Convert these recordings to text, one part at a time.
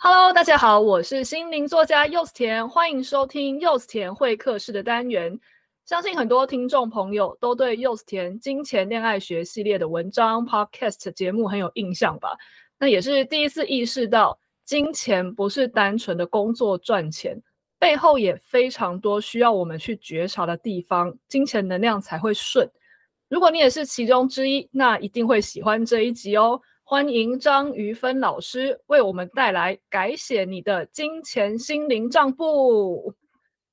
Hello，大家好，我是心靈作家柚子甜，歡迎收聽柚子甜會客室的單元。相信很多聽眾朋友都對柚子甜《金錢戀愛學》系列的文章、Podcast 節目很有印象吧？那也是第一次意識到，金錢不是單純的工作賺錢，背後也非常多需要我們去覺察的地方，金錢能量才會順。如果你也是其中之一，那一定會喜歡這一集哦。歡迎張瑜芬老師為我們帶來《改寫你的金錢心靈賬簿》。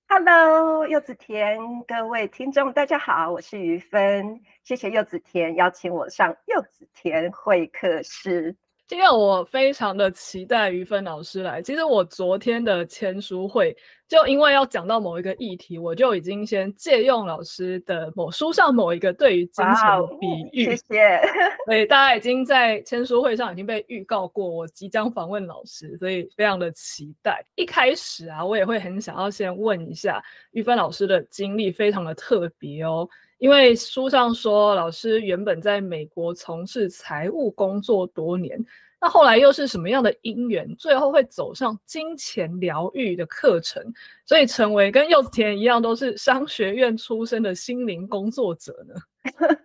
Hello，柚子甜各位聽眾，大家好，我是瑜芬。謝謝柚子甜邀請我上柚子甜會客室。今天我非常的期待瑜芬老師來。其實我昨天的簽書會。就因為要講到某一個議題，我就已經先借用老師的某書上某一個對於金錢的比喻，謝謝。所以大家已經在簽書會上已經被預告過，我即將訪問老師，所以非常的期待。一開始啊，我也會很想要先問一下瑜芬老師的經歷，非常的特別哦，因為書上說老師原本在美國從事財務工作多年。那後來又是什麼樣的因緣，最後會走上金錢療癒的課程，所以成為跟柚子甜一樣，都是商學院出身的心靈工作者呢？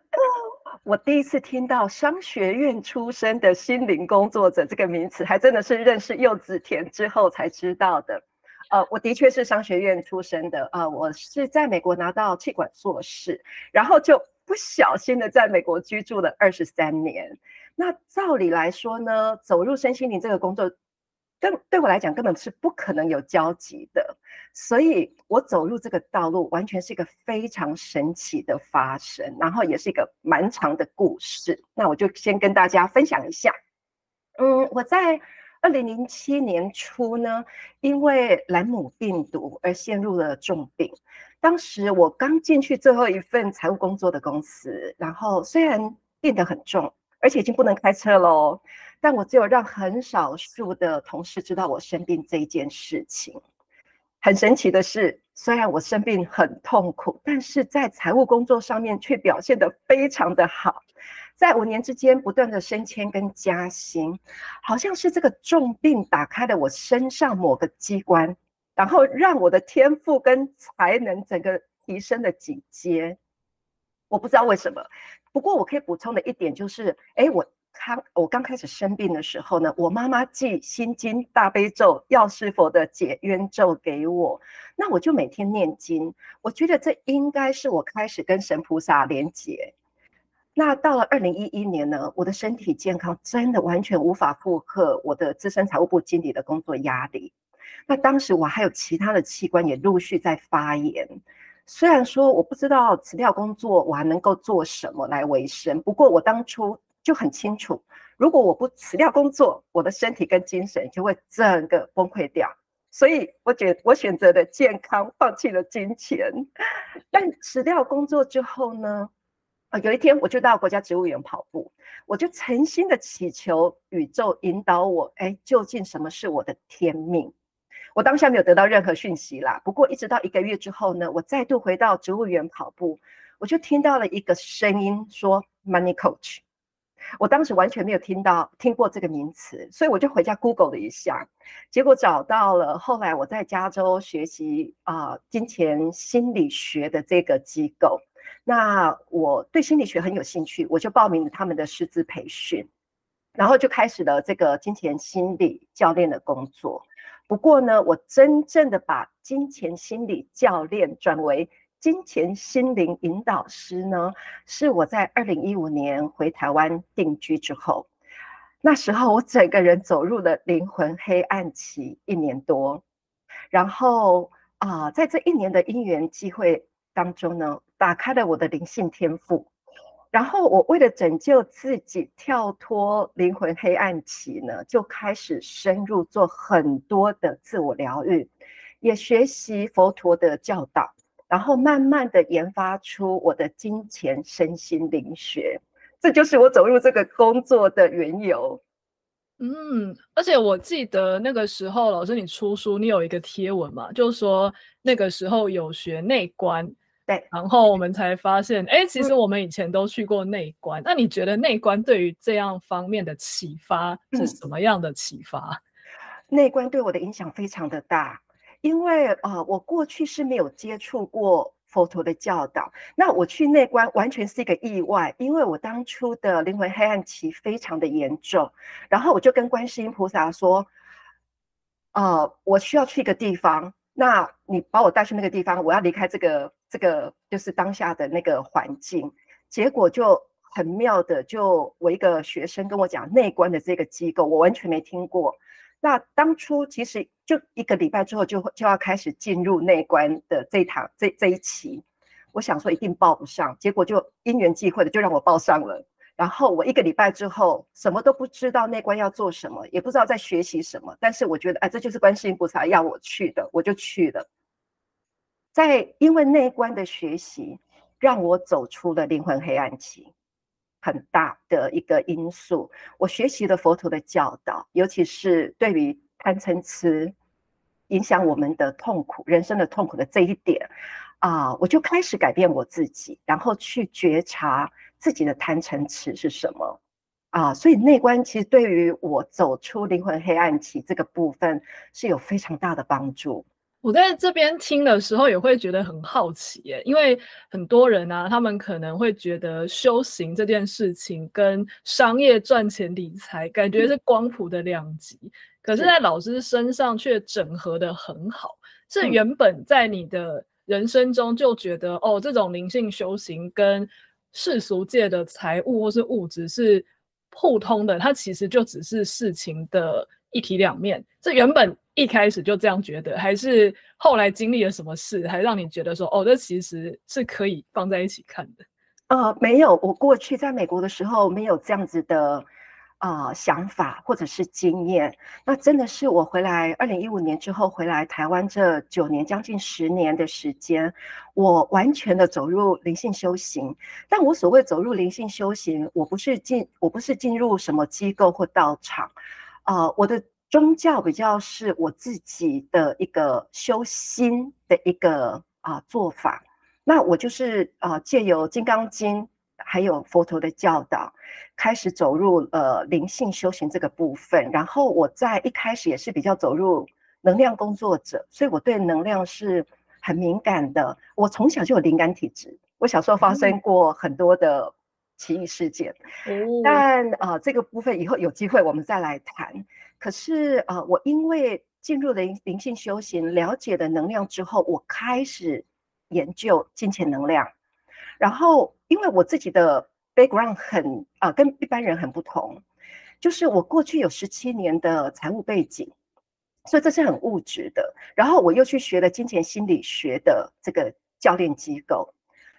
我第一次聽到“商學院出身的心靈工作者”這個名詞，還真的是認識柚子甜之後才知道的。呃，我的確是商學院出身的，呃，我是在美國拿到企管碩士，然後就不小心的在美國居住了二十三年。那照理來說呢，走入身心靈這個工作，根對我來講根本是不可能有交集的，所以我走入這個道路完全是一個非常神奇的發生，然後也是一個蠻長的故事。那我就先跟大家分享一下。嗯，我在二零零七年初呢，因為萊姆病毒而陷入了重病。當時我剛進去最後一份財務工作的公司，然後雖然病得很重。而且已經不能開車了，但我只有讓很少數的同事知道我生病這一件事情。很神奇的是，雖然我生病很痛苦，但是在財務工作上面卻表現得非常的好，在五年之間不斷的升遷跟加薪，好像是這個重病打開了我身上某個機關，然後讓我的天賦跟才能整個提升了幾階。我不知道為什麼，不過我可以補充的一點就是，哎，我剛我剛開始生病的時候呢，我媽媽寄《心經》、《大悲咒》，藥師佛的解冤咒給我，那我就每天念經。我覺得這應該是我開始跟神菩薩連結。那到了二零一一年呢，我的身體健康真的完全無法負荷我的資深財務部經理的工作壓力。那當時我還有其他的器官也陸續在發炎。雖然說我不知道辭掉工作我還能夠做什麼來維生，不過我當初就很清楚，如果我不辭掉工作，我的身體跟精神就會整個崩潰掉。所以我覺我選擇的健康，放棄了金錢。但辭掉工作之後呢，啊，有一天我就到國家植物園跑步，我就誠心的祈求宇宙引導我，哎，究竟什麼是我的天命？我當下沒有得到任何訊息啦。不過一直到一個月之後呢，我再度回到植物園跑步，我就聽到了一個聲音說 “Money Coach”。我當時完全沒有聽到聽過這個名詞，所以我就回家 Google 了一下，結果找到了，後來我在加州學習啊、呃、金錢心理學的這個機構，那我對心理學很有興趣，我就報名了他們的師資培訓，然後就開始了這個金錢心理教練的工作。不過呢，我真正的把金錢心理教練轉為金錢心靈引導師呢，是我在二零一五年回台灣定居之後，那時候我整個人走入了靈魂黑暗期一年多，然後啊、呃，在這一年的因緣際會當中呢，打開了我的靈性天賦。然後我為了拯救自己，跳脫靈魂黑暗期呢，就開始深入做很多的自我療癒，也學習佛陀的教導，然後慢慢的研發出我的金錢身心靈學，這就是我走入這個工作的緣由。嗯，而且我記得那個時候，老師你出書，你有一個貼文嘛，就是說那個時候有學內觀。對，然後我們才發現，哎、欸，其實我們以前都去過內觀。嗯、那你覺得內觀對於這樣方面的啟發是什麼樣的啟發？內觀、嗯、對我的影響非常的大，因為啊、呃，我過去是沒有接觸過佛陀的教導。那我去內觀完全是一個意外，因為我當初的靈魂黑暗期非常的嚴重，然後我就跟觀世音菩薩說、呃：“我需要去一個地方。”那你把我帶去那個地方，我要離開這個這個就是當下的那個環境，結果就很妙的，就我一個學生跟我講內觀的這個機構，我完全沒聽過。那當初其實就一個禮拜之後就會就要開始進入內觀的這一堂這一這一期，我想說一定報不上，結果就因緣際會的就讓我報上了。然後我一個禮拜之後什麼都不知道，內觀要做什麼也不知道在學習什麼，但是我覺得哎、啊，這就是觀世音菩薩要我去的，我就去了。在因為內觀的學習，讓我走出了靈魂黑暗期，很大的一個因素。我學習了佛陀的教導，尤其是對於貪嗔癡影響我們的痛苦、人生的痛苦的這一點啊、呃，我就開始改變我自己，然後去覺察。自己的貪嗔癡是什麼啊？所以內觀其實對於我走出靈魂黑暗期這個部分是有非常大的幫助。我在這邊聽的時候也會覺得很好奇耶、欸，因為很多人呢、啊，他們可能會覺得修行這件事情跟商業賺錢理財感覺是光譜的兩極，嗯、可是，在老師身上卻整合得很好，是，是原本在你的人生中就覺得、嗯、哦，這種靈性修行跟世俗界的財物或是物質是互通的，它其實就只是事情的一體兩面。這原本一開始就這樣覺得，還是後來經歷了什麼事，還讓你覺得說，哦，這其實是可以放在一起看的。呃，沒有，我過去在美國的時候沒有這樣子的。啊、呃，想法或者是經驗，那真的是我回來二零一五年之後回來台灣這九年將近十年的時間，我完全的走入靈性修行。但我所謂走入靈性修行，我不是進，我不是進入什麼機構或道場，啊、呃，我的宗教比較是我自己的一個修心的一個啊、呃、做法。那我就是啊，借、呃、由《金剛經》。還有佛陀的教導，開始走入呃靈性修行這個部分。然後我在一開始也是比較走入能量工作者，所以我對能量是很敏感的。我從小就有靈感體質，我小時候發生過很多的奇異事件。嗯嗯、但啊、呃、這個部分以後有機會我們再來談。可是啊、呃、我因為進入了靈性修行，了解了能量之後，我開始研究金錢能量。然後，因為我自己的 background 很啊、呃，跟一般人很不同，就是我過去有十七年的財務背景，所以這是很物質的。然後我又去學了金錢心理學的這個教練機構，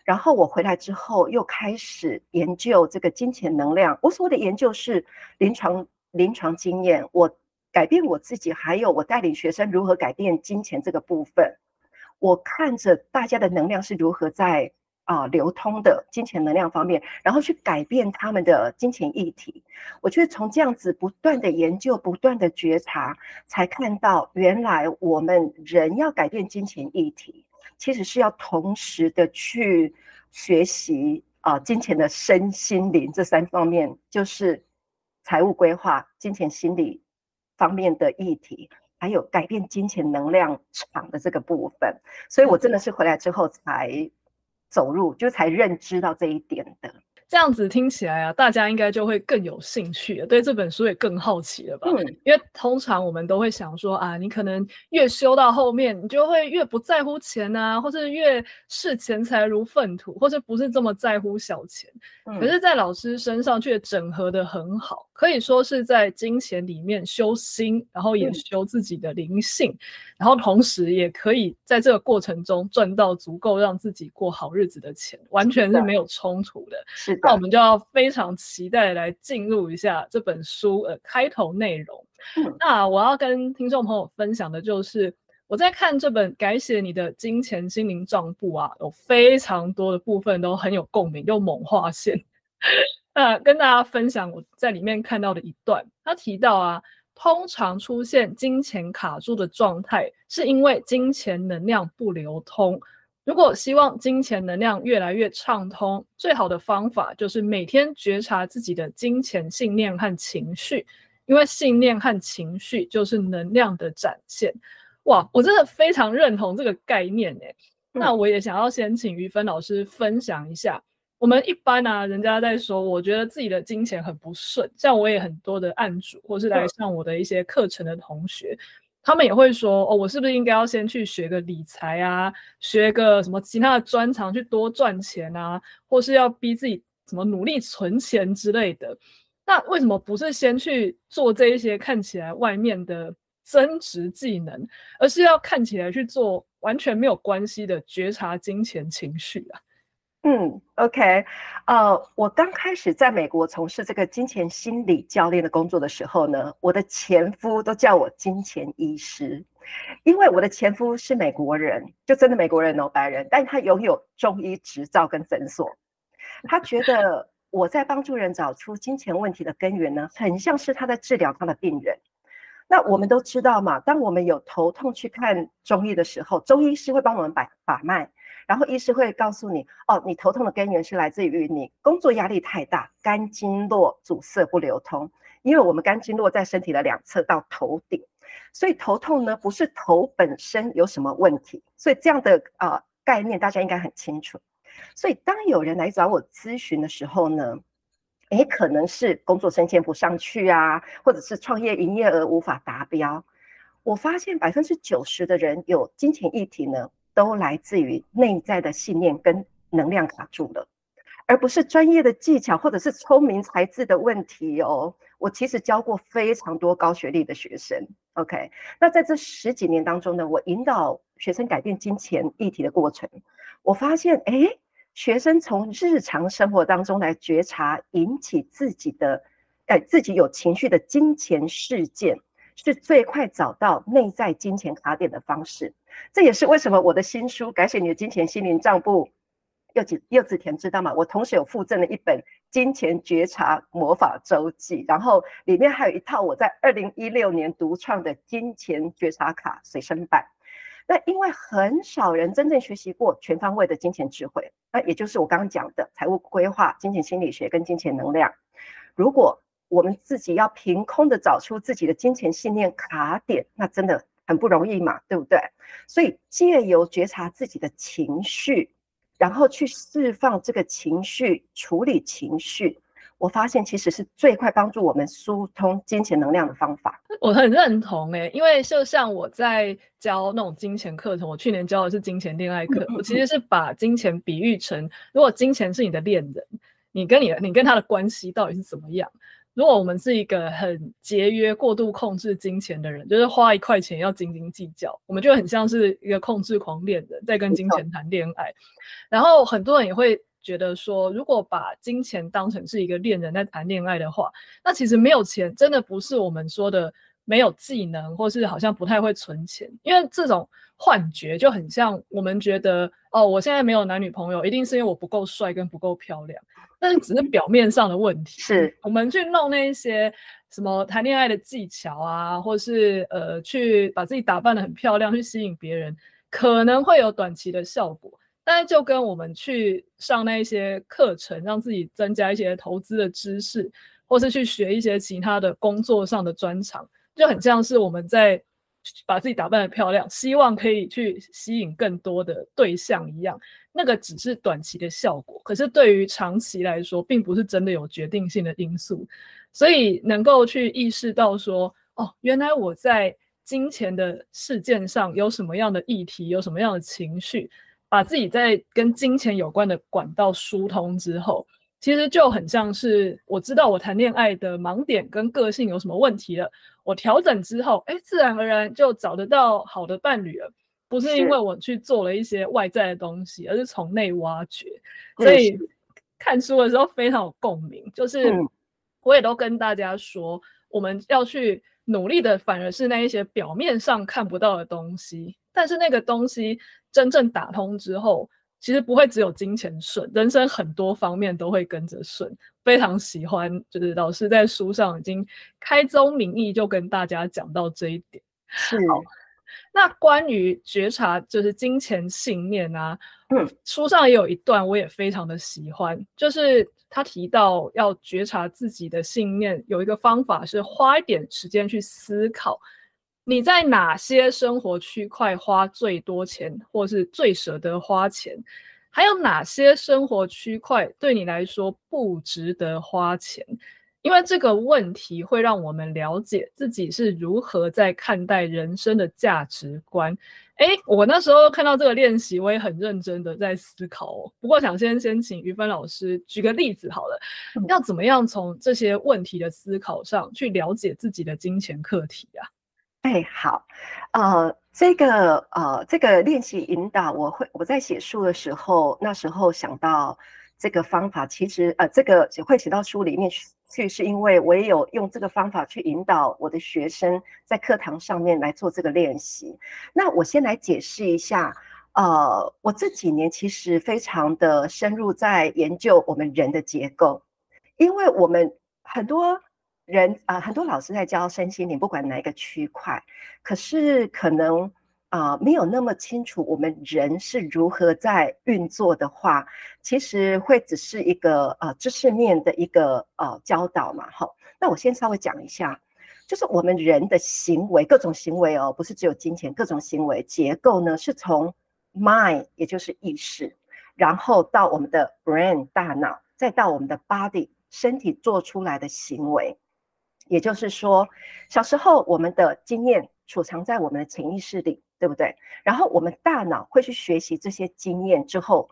然後我回來之後又開始研究這個金錢能量。我所謂的研究是臨床臨床經驗，我改變我自己，還有我帶領學生如何改變金錢這個部分。我看着大家的能量是如何在。啊，流通的金錢能量方面，然後去改變他們的金錢議題。我覺得從這樣子不斷的研究、不斷的覺察，才看到原來我們人要改變金錢議題，其實是要同時的去學習啊，金錢的身心靈這三方面，就是財務規劃、金錢心理方面的議題，還有改變金錢能量場的這個部分。所以，我真的是回來之後才。走路就才認知到這一點的，這樣子聽起來啊，大家應該就會更有興趣，對這本書也更好奇了吧？嗯，因為通常我們都會想說啊，你可能越修到後面，你就會越不在乎錢啊，或者越視錢財如糞土，或者不是這麼在乎小錢。嗯，可是，在老師身上卻整合得很好。可以說是在金錢裡面修心，然後也修自己的靈性，嗯、然後同時也可以在這個過程中賺到足夠讓自己過好日子的錢，完全是沒有衝突的。是的、是的、那我們就要非常期待來進入一下這本書的、呃、開頭內容。嗯、那我要跟聽眾朋友分享的就是我在看這本《改寫你的金錢心靈賬簿》啊，有非常多的部分都很有共鳴，又猛畫線。 那、呃、跟大家分享我在裡面看到的一段，他提到啊，通常出現金錢卡住的狀態，是因為金錢能量不流通。如果希望金錢能量越來越暢通，最好的方法就是每天覺察自己的金錢信念和情緒，因為信念和情緒就是能量的展現。哇，我真的非常認同這個概念誒、欸。嗯、那我也想要先請瑜芬老師分享一下。我們一般啊，人家在說，我覺得自己的金錢很不順。像我也很多的案主，或是來上我的一些課程的同學，對他們也會說，哦，我是不是應該要先去學個理財啊，學個什麼其他的專長去多賺錢啊，或是要逼自己什麼努力存錢之類的。那為什麼不是先去做這些看起來外面的增值技能，而是要看起來去做完全沒有關係的覺察金錢情緒啊？嗯，OK，呃，我剛開始在美國從事這個金錢心理教練的工作的時候呢，我的前夫都叫我金錢醫師，因為我的前夫是美國人，就真的美國人哦，白人，但他擁有中醫執照跟診所，他覺得我在幫助人找出金錢問題的根源呢，很像是他在治療他的病人。那我們都知道嘛，當我們有頭痛去看中醫的時候，中醫師會幫我們把把脈。然後醫師會告訴你，哦，你頭痛的根源是來自於你工作壓力太大，肝經絡阻塞不流通。因為我們肝經絡在身體的兩側到頭頂，所以頭痛呢不是頭本身有什麼問題。所以這樣的啊、呃、概念大家應該很清楚。所以當有人來找我諮詢的時候呢，誒，可能是工作升遷不上去啊，或者是創業營業額無法達標。我發現百分之九十的人有金錢議題呢。都來自於內在的信念跟能量卡住了，而不是專業的技巧或者是聰明才智的問題哦。我其實教過非常多高學歷的學生，OK？那在這十幾年當中呢，我引導學生改變金錢議題的過程，我發現，哎，學生從日常生活當中來覺察引起自己的哎、呃、自己有情緒的金錢事件，是最快找到內在金錢卡點的方式。這也是為什麼我的新書《改寫你的金錢心靈賬簿》，柚子甜知道嗎？我同時有附贈了一本《金錢覺察魔法周記》，然後裡面還有一套我在二零一六年獨創的金錢覺察卡隨身版。那因為很少人真正學習過全方位的金錢智慧，那也就是我剛剛講的財務規劃、金錢心理學跟金錢能量。如果我們自己要憑空的找出自己的金錢信念卡點，那真的。很不容易嘛，對不對？所以借由覺察自己的情緒，然後去釋放這個情緒、處理情緒，我發現其實是最快幫助我們疏通金錢能量的方法。我很認同誒、欸，因為就像我在教那種金錢課程，我去年教的是金錢戀愛課， 我其實是把金錢比喻成，如果金錢是你的戀人，你跟你你跟他的關係到底是怎麼樣？如果我們是一個很節約、過度控制金錢的人，就是花一塊錢要斤斤計較，我們就很像是一個控制狂戀人，在跟金錢談戀愛。嗯，然後很多人也會覺得說，如果把金錢當成是一個戀人在談戀愛的話，那其實沒有錢，真的不是我們說的。沒有技能，或是好像不太會存錢，因為這種幻覺就很像我們覺得哦，我現在沒有男女朋友，一定是因為我不夠帥跟不夠漂亮，但是只是表面上的問題。是，我們去弄那一些什麼談戀愛的技巧啊，或是呃去把自己打扮得很漂亮，去吸引別人，可能會有短期的效果，但是就跟我們去上那一些課程，讓自己增加一些投資的知識，或是去學一些其他的工作上的專長。就很像是我們在把自己打扮得漂亮，希望可以去吸引更多的對象一樣，那個只是短期的效果，可是對於長期來說，並不是真的有決定性的因素。所以能夠去意識到說，哦，原來我在金錢的事件上有什麼樣的議題，有什麼樣的情緒，把自己在跟金錢有關的管道疏通之後。其實就很像是我知道我談戀愛的盲點跟個性有什麼問題了，我調整之後，哎，自然而然就找得到好的伴侶了。不是因為我去做了一些外在的東西，是，而是從內挖掘。所以看書的時候非常有共鳴，就是我也都跟大家說，嗯、我們要去努力的，反而是那一些表面上看不到的東西，但是那個東西真正打通之後。其實不會只有金錢順，人生很多方面都會跟着順。非常喜歡，就是老師在書上已經開宗明義就跟大家講到這一點。是哦，那關於覺察，就是金錢信念啊，嗯，書上也有一段，我也非常的喜歡，就是他提到要覺察自己的信念，有一個方法是花一點時間去思考。你在哪些生活區塊花最多錢，或是最捨得花錢？還有哪些生活區塊對你來說不值得花錢？因為這個問題會讓我們了解自己是如何在看待人生的價值觀。誒、欸，我那時候看到這個練習，我也很認真的在思考，哦。不過，想先先請瑜芬老師舉個例子好了，要怎麼樣從這些問題的思考上去了解自己的金錢課題啊？哎，好，呃，這個，呃，這個練習引導，我會我在寫書的時候，那時候想到這個方法，其實，呃，這個寫會寫到書裡面去，是因為我也有用這個方法去引導我的學生在課堂上面來做這個練習。那我先來解釋一下，呃，我這幾年其實非常的深入在研究我們人的結構，因為我們很多，人啊、呃，很多老師在教身心靈，不管哪一個區塊，可是可能啊、呃，沒有那麼清楚我們人是如何在運作的話，其實會只是一個呃知識面的一個呃教導嘛。好，那我先稍微講一下，就是我們人的行為，各種行為哦，不是只有金錢，各種行為結構呢，是從 mind 也就是意識，然後到我們的 brain 大腦，再到我們的 body 身體做出來的行為。也就是說，小時候我們的經驗儲藏在我們的潛意識裡，對不對？然後我們大腦會去學習這些經驗之後，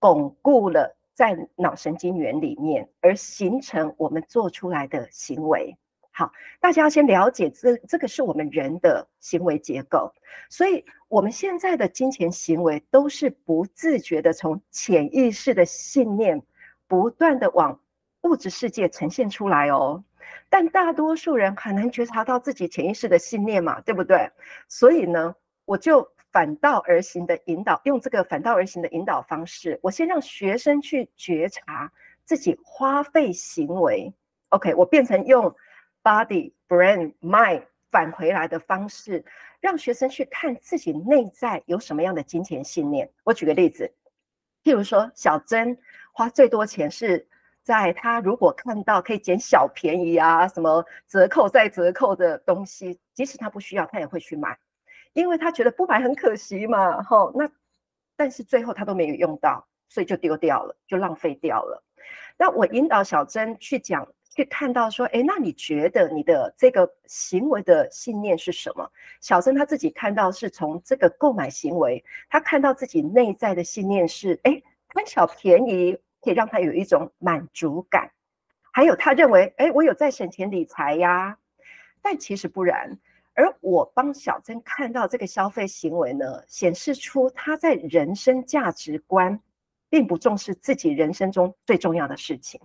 鞏固了在腦神經元裡面，而形成我們做出來的行為。好，大家要先了解這這個是我們人的行為結構，所以我們現在的金錢行為都是不自覺的，從潛意識的信念不斷的往物質世界呈現出來哦。但大多數人很難覺察到自己潛意識的信念嘛，對不對？所以呢，我就反道而行的引導，用這個反道而行的引導方式，我先讓學生去覺察自己花費行為。OK，我變成用 body、brain、mind 返回來的方式，讓學生去看自己內在有什麼樣的金錢信念。我舉個例子，譬如說，小曾花最多錢是。在他如果看到可以撿小便宜啊，什麼折扣再折扣的東西，即使他不需要，他也會去買，因為他覺得不買很可惜嘛，吼、哦。那但是最後他都沒有用到，所以就丟掉了，就浪費掉了。那我引導小珍去講，去看到說，誒，那你覺得你的這個行為的信念是什麼？小珍他自己看到是從這個購買行為，他看到自己內在的信念是，哎，貪小便宜。可以讓他有一種滿足感，還有他認為，哎，我有在省錢理財呀，但其實不然。而我幫小曾看到這個消費行為呢，顯示出他在人生價值觀並不重視自己人生中最重要的事情，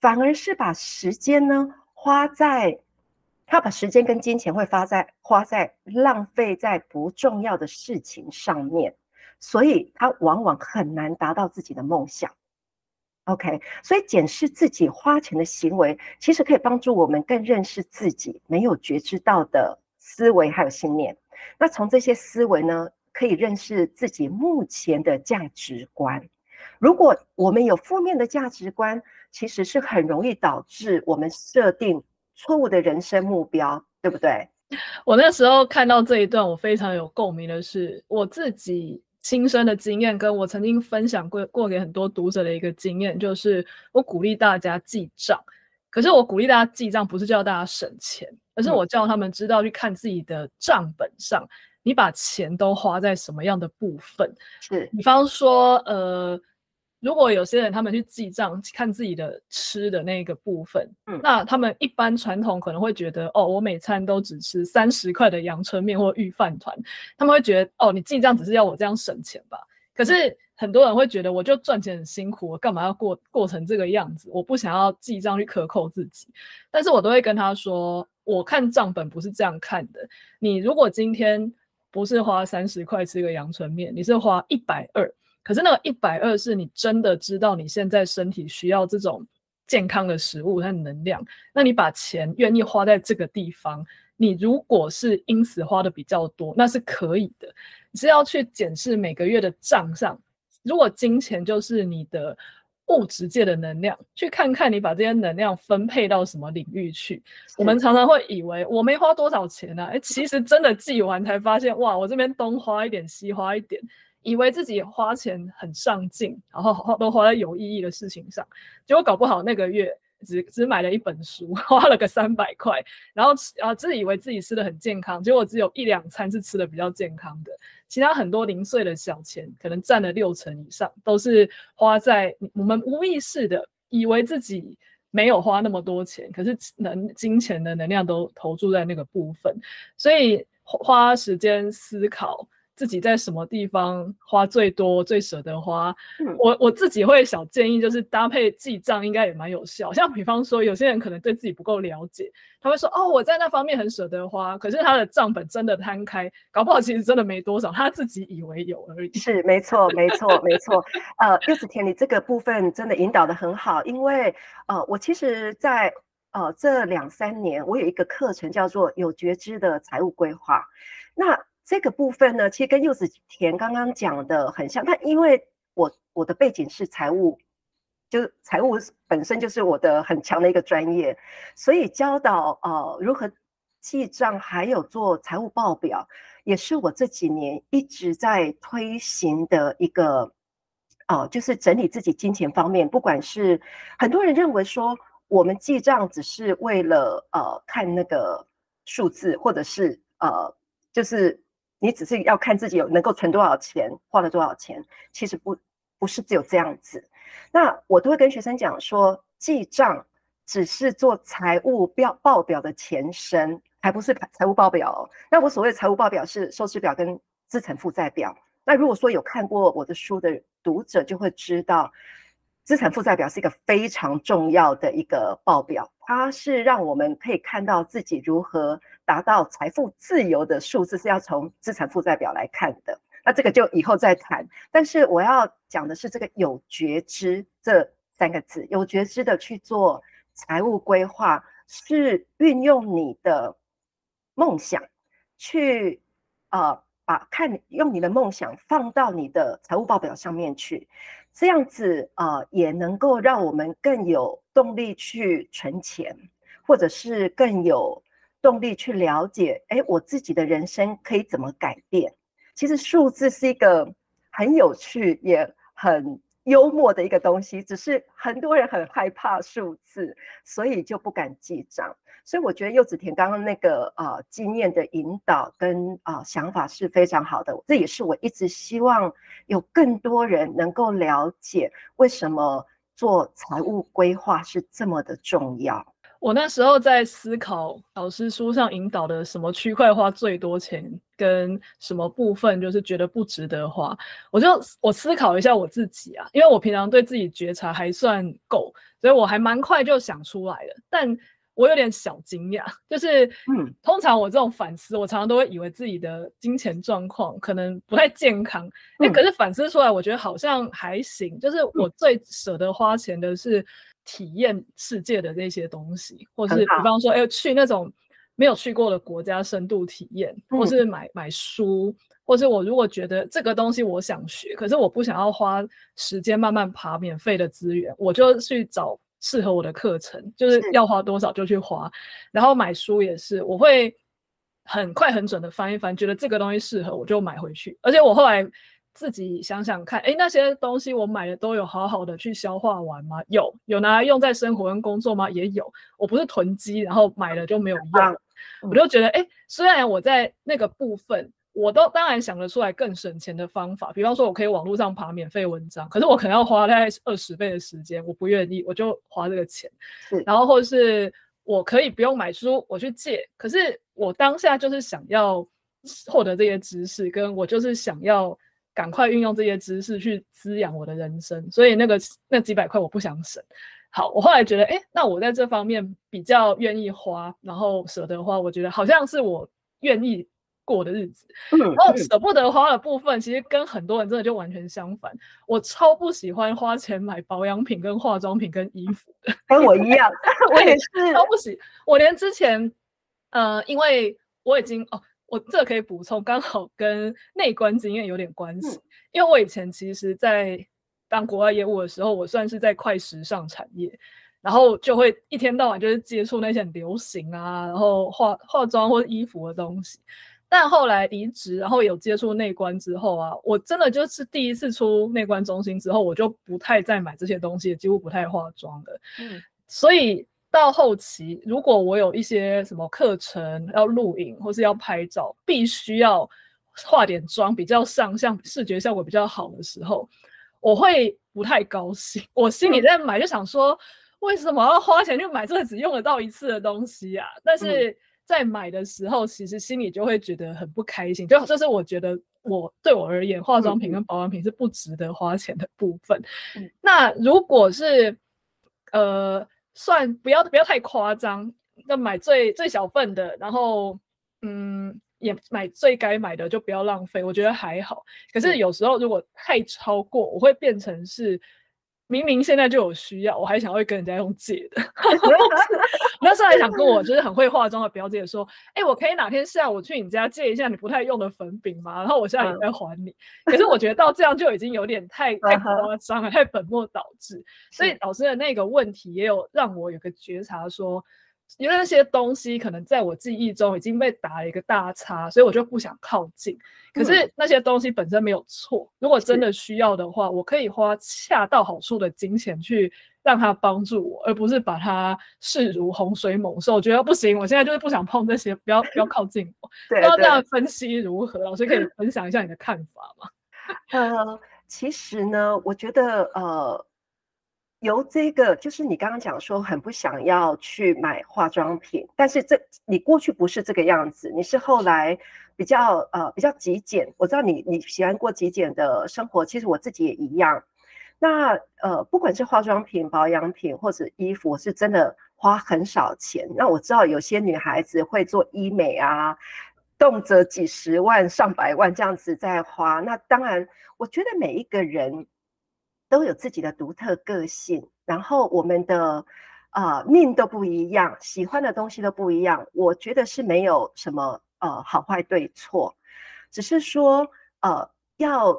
反而是把時間呢花在他把時間跟金錢會花在花在浪費在不重要的事情上面，所以他往往很難達到自己的夢想。OK，所以檢視自己花錢的行為，其實可以幫助我們更認識自己沒有覺知到的思維還有信念。那從這些思維呢，可以認識自己目前的價值觀。如果我們有負面的價值觀，其實是很容易導致我們設定錯誤的人生目標，對不對？我那時候看到這一段，我非常有共鳴的是我自己。親身的經驗，跟我曾經分享過過給很多讀者的一個經驗，就是我鼓勵大家記賬。可是我鼓勵大家記賬，不是叫大家省錢，而是我叫他們知道去看自己的賬本上，你把錢都花在什麼樣的部分。是比方說，呃。如果有些人他們去記賬看自己的吃的那個部分，嗯、那他們一般傳統可能會覺得，哦，我每餐都只吃三十塊的陽春麵或御飯糰，他們會覺得，哦，你記賬只是要我這樣省錢吧？可是很多人會覺得，我就賺錢很辛苦，我幹嘛要過過成這個樣子？我不想要記賬去克扣自己，但是我都會跟他說，我看賬本不是這樣看的。你如果今天不是花三十塊吃個陽春麵，你是花一百二。可是那個一百二，是你真的知道你現在身體需要這種健康的食物和能量，那你把錢願意花在這個地方，你如果是因此花得比較多，那是可以的。你是要去檢視每個月的賬上，如果金錢就是你的物質界的能量，去看看你把這些能量分配到什麼領域去。的我們常常會以為我沒花多少錢呢，啊，誒、欸，其實真的記完才發現，哇，我這邊東花一點，西花一點。以為自己花錢很上進，然後都花在有意義的事情上，結果搞不好那個月只只買了一本書，花了個三百塊，然後啊，自以為自己吃的很健康，結果只有一兩餐是吃的比較健康的，其他很多零碎的小錢可能占了六成以上，都是花在我們無意識的以為自己沒有花那麼多錢，可是能金錢的能量都投注在那個部分，所以花時間思考。自己在什麼地方花最多、最捨得花？嗯、我我自己會小建議，就是搭配記賬，應該也蠻有效。像比方說，有些人可能對自己不夠了解，他會說：“哦，我在那方面很捨得花。”可是他的賬本真的攤開，搞不好其實真的沒多少，他自己以為有而已。是，沒錯，沒錯， 沒錯。呃，柚 子甜，你這個部分真的引導得很好，因為呃，我其實在呃這兩三年，我有一個課程叫做有覺知的財務規劃，那。這個部分呢，其實跟柚子甜剛剛講的很像，但因為我我的背景是財務，就財務本身就是我的很強的一個專業，所以教導呃如何記賬，還有做財務報表，也是我這幾年一直在推行的一個呃，就是整理自己金錢方面，不管是很多人認為說我們記賬只是為了呃看那個數字，或者是呃就是。你只是要看自己有能夠存多少錢，花了多少錢，其實不不是只有這樣子。那我都會跟學生講說，記賬只是做財務報表的前身，還不是財務報表哦。那我所謂的財務報表是收支表跟資產負債表。那如果說有看過我的書的讀者就會知道，資產負債表是一個非常重要的一個報表，它是讓我們可以看到自己如何。達到財富自由的數字是要從資產負債表來看的，那這個就以後再談。但是我要講的是這個有覺知這三個字，有覺知的去做財務規劃，是運用你的夢想去啊、呃，把看用你的夢想放到你的財務報表上面去，這樣子啊、呃，也能夠讓我們更有動力去存錢，或者是更有。用力去了解，哎，我自己的人生可以怎麼改變？其實數字是一個很有趣也很幽默的一個東西，只是很多人很害怕數字，所以就不敢記賬。所以我覺得柚子甜剛剛那個啊、呃、經驗的引導跟啊、呃、想法是非常好的，這也是我一直希望有更多人能夠了解為什麼做財務規劃是這麼的重要。我那時候在思考老師書上引導的什麼區塊花最多錢跟什麼部分，就是覺得不值得花。我就我思考一下我自己啊，因為我平常對自己覺察還算夠，所以我還蠻快就想出來的。但我有點小驚訝，就是嗯，通常我這種反思，我常常都會以為自己的金錢狀況可能不太健康，嗯欸、可是反思出來，我覺得好像還行。就是我最捨得花錢的是。體驗世界的那些東西，或是比方說，哎、好、欸，去那種沒有去過的國家深度體驗，嗯、或是買買書，或是我如果覺得這個東西我想學，可是我不想要花時間慢慢爬免費的資源，我就去找適合我的課程，就是要花多少就去花。是然後買書也是，我會很快很準的翻一翻，覺得這個東西適合我就買回去。而且我後來。自己想想看，哎，那些東西我買了都有好好的去消化完嗎？有，有拿來用在生活跟工作嗎？也有。我不是囤積，然後買了就沒有用。嗯、我就覺得，哎，雖然我在那個部分，我都當然想得出來更省錢的方法，比方說，我可以網絡上爬免費文章，可是我可能要花大概二十倍的時間，我不願意，我就花這個錢。是然後，或是我可以不用買書，我去借。可是我當下就是想要獲得這些知識，跟我就是想要。趕快運用這些知識去滋養我的人生，所以那個那幾百塊我不想省。好，我後來覺得，誒那我在這方面比較願意花，然後舍得花，我覺得好像是我願意過的日子。嗯，然後舍不得花的部分，的其實跟很多人真的就完全相反。我超不喜歡花錢買保養品、跟化妝品、跟衣服的，跟我一樣， 我也是超不喜。我連之前，呃，因為我已經哦。我這可以補充，剛好跟內觀經驗有點關係，嗯、因為我以前其實，在當國外業務的時候，我算是在快時尚產業，然後就會一天到晚就是接觸那些很流行啊，然後化化妝或衣服的東西。但後來離職，然後有接觸內觀之後啊，我真的就是第一次出內觀中心之後，我就不太再買這些東西，也幾乎不太化妝的。嗯、所以。到後期，如果我有一些什麼課程要錄影，或是要拍照，必須要化點妝，比較上相，視覺效果比較好的時候，我會不太高興。我心裡在買就想說，為什麼要花錢去買這個只用得到一次的東西啊？但是在買的時候，其實心裡就會覺得很不開心。就這是我覺得我，我對我而言，化妝品跟保養品是不值得花錢的部分。嗯。那如果是呃。算不要不要太誇張，那買最最小份的，然後嗯，也買最該買的，就不要浪費，我覺得還好。可是有時候如果太超過，嗯、我會變成是。明明現在就有需要，我還想會跟人家用借的。 那時候還想跟我就是很會化妝的表姐說，哎、欸，我可以哪天下午我去你家借一下你不太用的粉餅嗎，然後我下午再還你。Uh huh. 可是我覺得到這樣就已經有點太太誇張了，uh huh. 太本末倒置。所以老師的那個問題也有讓我有個覺察，說。因為那些東西可能在我記憶中已經被打了一個大叉，所以我就不想靠近。可是那些東西本身沒有錯，如果真的需要的話，實我可以花恰到好處的金錢去讓它幫助我，而不是把它視如洪水猛獸。所以我覺得不行，我現在就是不想碰這些，不要不要靠近我。對 對。不知道這樣分析如何？對老師可以分享一下你的看法嗎？呃，其實呢，我覺得呃。由這個就是你剛剛講說，很不想要去買化妝品，但是這你過去不是這個樣子，你是後來比較呃比較極簡。我知道你你喜歡過極簡的生活，其實我自己也一樣。那呃不管是化妝品、保養品或者衣服，我是真的花很少錢。那我知道有些女孩子會做醫美啊，動輒幾十萬、上百萬這樣子在花。那當然，我覺得每一個人。都有自己的獨特個性，然後我們的呃命都不一樣，喜歡的東西都不一樣。我覺得是沒有什麼呃好壞對錯，只是說呃要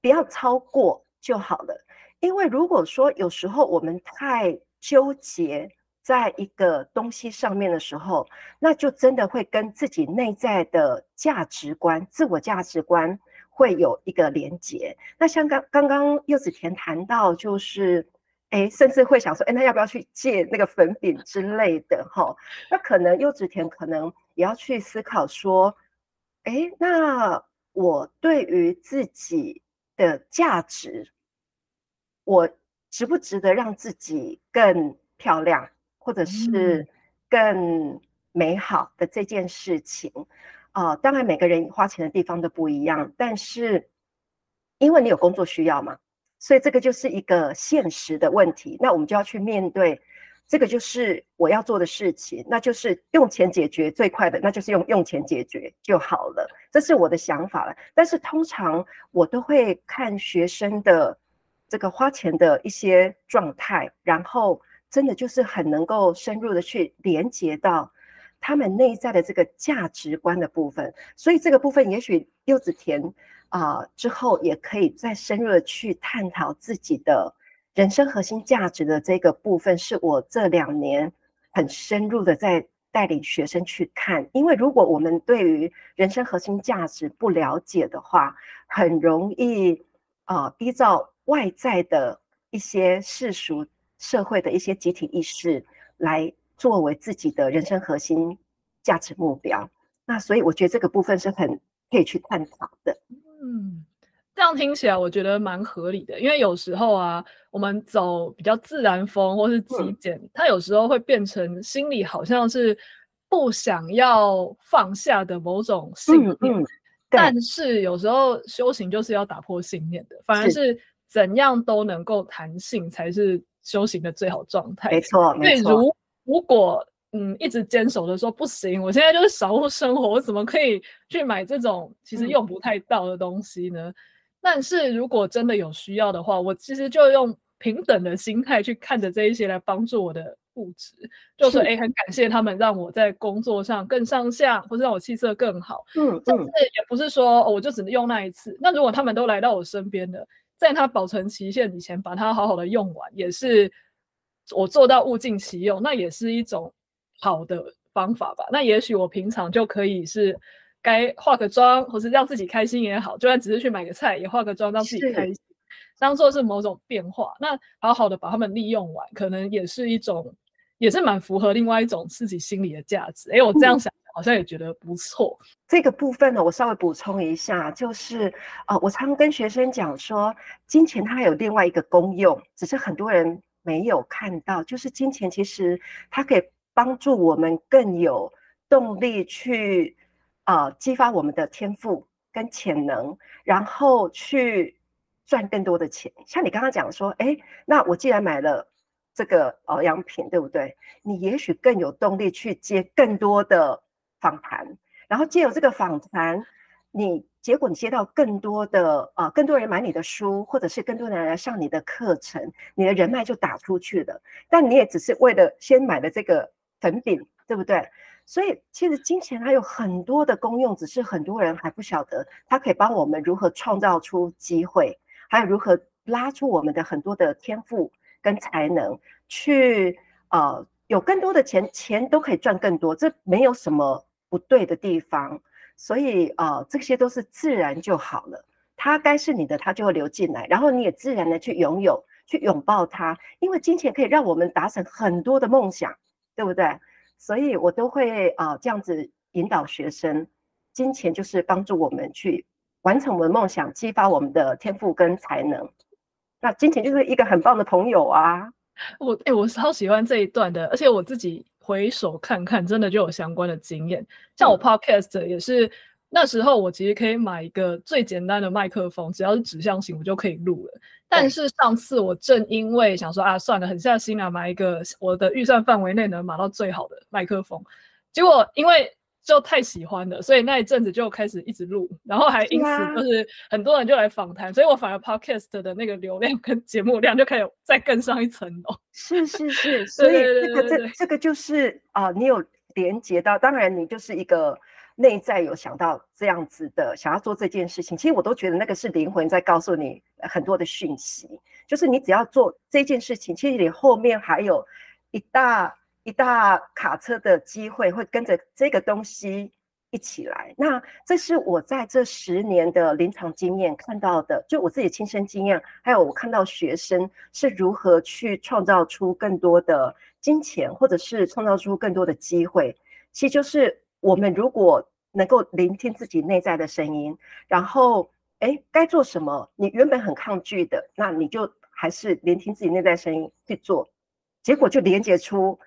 不要超過就好了。因為如果說有時候我們太糾結在一個東西上面的時候，那就真的會跟自己內在的價值觀、自我價值觀，會有一個連接，那像剛剛剛柚子甜談到，就是，哎，甚至會想說誒，那要不要去借那個粉餅之類的哈？那可能柚子甜可能也要去思考說，哎，那我對於自己的價值，我值不值得讓自己更漂亮，或者是更美好的這件事情？嗯哦、呃，當然每個人花錢的地方都不一樣，但是因為你有工作需要嘛，所以這個就是一個現實的問題。那我們就要去面對，這個就是我要做的事情，那就是用錢解決最快的，那就是用用錢解決就好了，這是我的想法了。但是通常我都會看學生的這個花錢的一些狀態，然後真的就是很能夠深入的去連接到。他們內在的這個價值觀的部分，所以這個部分也許柚子甜啊、呃、之後也可以再深入的去探討自己的人生核心價值的這個部分，是我這兩年很深入的在帶領學生去看。因為如果我們對於人生核心價值不了解的話，很容易啊、呃、依照外在的一些世俗社會的一些集體意識來。作為自己的人生核心價值目標，那所以我覺得這個部分是很可以去探討的。嗯，這樣聽起來我覺得蠻合理的，因為有時候啊，我們走比較自然風或是極簡，嗯、它有時候會變成心裡好像是不想要放下的某種信念。嗯嗯、但是有時候修行就是要打破信念的，反而是怎樣都能夠彈性才是修行的最好狀態。沒錯，沒錯。如果嗯一直堅守的說不行，我現在就是少物生活，我怎麼可以去買這種其實用不太到的東西呢？嗯、但是如果真的有需要的話，我其實就用平等的心態去看着這一些來幫助我的物質，是就是誒、欸，很感謝他們讓我在工作上更上相，或者讓我氣色更好。嗯，但是也不是說、哦、我就只能用那一次。那如果他們都來到我身邊的，在它保存期限以前把它好好的用完，也是。我做到物盡其用，那也是一種好的方法吧。那也許我平常就可以是該化個妝，或是讓自己開心也好，就算只是去買個菜也化個妝，讓自己開心，的當做是某種變化。那好好的把它們利用完，可能也是一種，也是蠻符合另外一種自己心裡的價值。哎，我這樣想、嗯、好像也覺得不錯。這個部分呢、哦，我稍微補充一下，就是啊、呃，我常跟學生講說，金錢它還有另外一個功用，只是很多人。沒有看到，就是金錢，其實它可以幫助我們更有動力去呃激發我們的天賦跟潛能，然後去賺更多的錢。像你剛剛講說，哎，那我既然買了這個保養品，對不對？你也許更有動力去接更多的訪談，然後借由這個訪談，你。結果你接到更多的呃，更多人買你的書，或者是更多人來上你的課程，你的人脈就打出去了。但你也只是為了先買了這個粉餅，對不對？所以其實金錢還有很多的功用，只是很多人還不曉得，它可以幫我們如何創造出機會，還有如何拉出我們的很多的天賦跟才能，去呃有更多的錢，錢都可以賺更多，這沒有什麼不對的地方。所以，呃，這些都是自然就好了。它該是你的，它就會流進來，然後你也自然的去擁有，去擁抱它。因為金錢可以讓我們達成很多的夢想，對不對？所以我都會，呃，這樣子引導學生，金錢就是幫助我們去完成我們的夢想，激發我們的天賦跟才能。那金錢就是一個很棒的朋友啊！我哎、欸，我超喜歡這一段的，而且我自己。回首看看，真的就有相關的經驗。像我 Podcast 也是，嗯、那時候我其實可以買一個最簡單的麥克風，只要是指向性，我就可以錄了。嗯、但是上次我正因為想說啊，算了，狠下心來、啊、買一個我的預算範圍內能買到最好的麥克風，結果因為。就太喜歡了，所以那一陣子就開始一直錄，然後還因此就是很多人就來訪談，啊、所以我反而 Podcast 的那個流量跟節目量就可以再更上一層樓，哦。是是是，所以這個這這個就是啊、呃，你有連接到，當然你就是一個內在有想到這樣子的，想要做這件事情，其實我都覺得那個是靈魂在告訴你很多的訊息，就是你只要做這件事情，其實你後面還有一大。一大卡車的機會會跟着這個東西一起來。那這是我在這十年的臨床經驗看到的，就我自己親身經驗，還有我看到學生是如何去創造出更多的金錢，或者是創造出更多的機會。其實就是我們如果能夠聆聽自己內在的聲音，然後哎，該做什麼，你原本很抗拒的，那你就還是聆聽自己內在聲音去做，結果就連接出。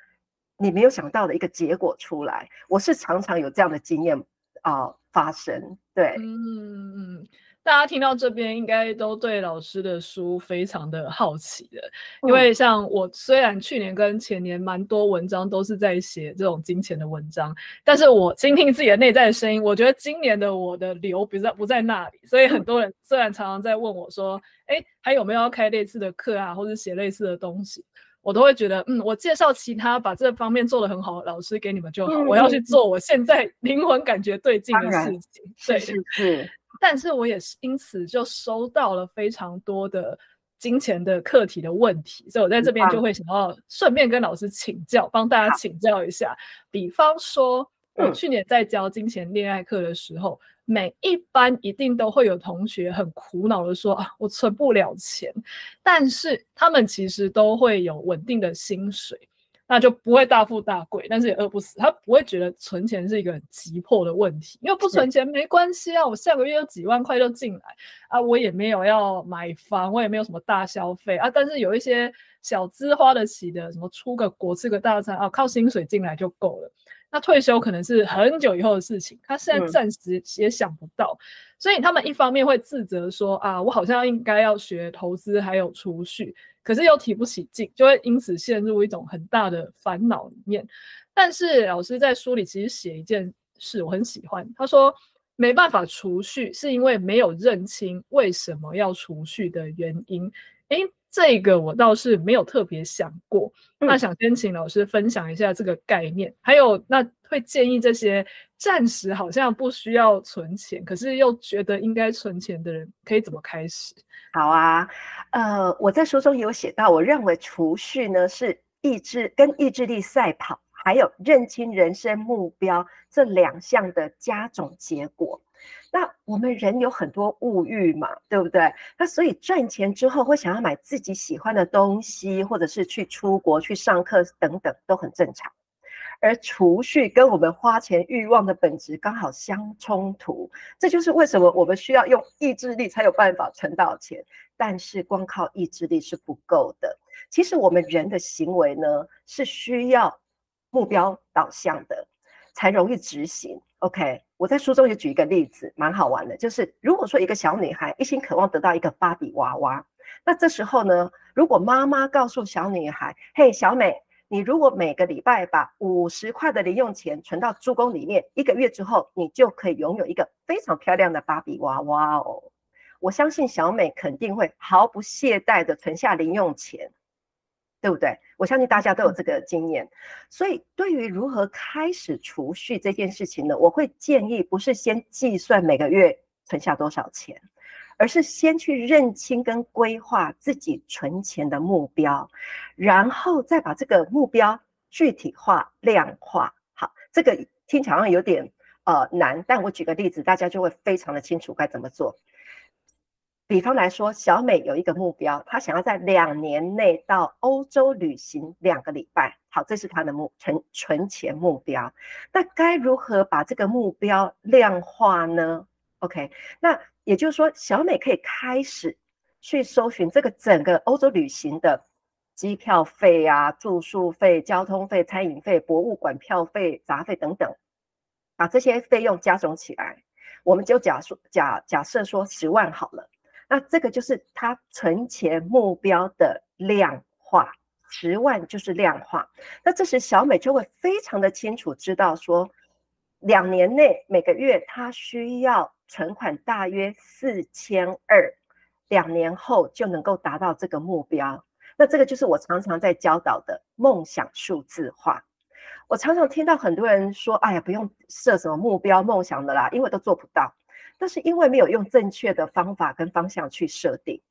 你沒有想到的一個結果出來，我是常常有這樣的經驗啊、呃、發生。對，嗯嗯，大家聽到這邊應該都對老師的書非常的好奇的，嗯、因為像我雖然去年跟前年蠻多文章都是在寫這種金錢的文章，但是我傾聽自己的內在的聲音，我覺得今年的我的流不在不在那裡，所以很多人雖然常常在問我說，哎、嗯欸，還有沒有要開類似的課啊，或者寫類似的東西？我都會覺得，嗯，我介紹其他把這方面做得很好的老師給你們就好。嗯、我要去做我現在靈魂感覺對勁的事情，然對，是是是。但是我也是因此就收到了非常多的金錢的課題的問題，所以我在這邊就會想要順便跟老師請教，嗯、幫大家請教一下。啊、比方說，我去年在教金錢戀愛課的時候，每一班一定都會有同學很苦惱的說啊，我存不了錢，但是他們其實都會有穩定的薪水，那就不會大富大貴，但是也餓不死。他不會覺得存錢是一個很急迫的問題，因為不存錢沒關係啊，我下個月有幾萬塊就進來啊，我也沒有要買房，我也沒有什麼大消費啊。但是有一些小資花得起的，什麼出個國，吃個大餐啊，靠薪水進來就夠了。那退休可能是很久以後的事情，他現在暫時也想不到，嗯，所以他們一方面會自責說啊，我好像應該要學投資，還有儲蓄，可是又提不起勁，就會因此陷入一種很大的煩惱裡面。但是老師在書裡其實寫一件事，我很喜歡，他說沒辦法儲蓄是因為沒有認清為什麼要儲蓄的原因，誒這個我倒是沒有特別想過，嗯，那想先請老師分享一下這個概念，還有那會建議這些暫時好像不需要存錢，可是又覺得應該存錢的人可以怎麼開始？好啊，呃，我在書中有寫到，我認為儲蓄呢是意志跟意志力賽跑，還有認清人生目標這兩項的加總結果。那我們人有很多物欲嘛，對不對？那所以賺錢之後會想要買自己喜歡的東西，或者是去出國、去上課等等，都很正常。而儲蓄跟我們花錢欲望的本質剛好相衝突，這就是為什麼我們需要用意志力才有辦法存到錢。但是光靠意志力是不夠的。其實我們人的行為呢，是需要目標導向的，才容易執行。OK，我在書中也舉一個例子，蠻好玩的，就是如果說一個小女孩一心渴望得到一個芭比娃娃，那這時候呢，如果媽媽告訴小女孩，嘿、Hey，小美，你如果每個禮拜把五十塊的零用錢存到豬公裡面，一個月之後，你就可以擁有一個非常漂亮的芭比娃娃哦。我相信小美肯定會毫不懈怠地存下零用錢，對不對？我相信大家都有這個經驗，所以對於如何開始儲蓄這件事情呢，我會建議不是先計算每個月存下多少錢，而是先去認清跟規劃自己存錢的目標，然後再把這個目標具體化、量化。好，這個聽起來好像有點呃難，但我舉個例子，大家就會非常的清楚該怎麼做。比方來說，小美有一個目標，她想要在兩年內到歐洲旅行兩個禮拜。好，這是她的目存存錢目標。那該如何把這個目標量化呢？OK，那也就是說，小美可以開始去搜尋這個整個歐洲旅行的機票費啊、住宿費、交通費、餐飲費、博物館票費、雜費等等，把這些費用加總起來，我們就假，假，假設假假設說十萬好了。那這個就是他存錢目標的量化，十萬就是量化。那這時小美就會非常的清楚知道說，兩年內每個月她需要存款大約四千二，兩年後就能夠達到這個目標。那這個就是我常常在教導的夢想數字化。我常常聽到很多人說，哎呀，不用設什麼目標夢想的啦，因為都做不到。但是因為沒有用正確的方法跟方向去設定，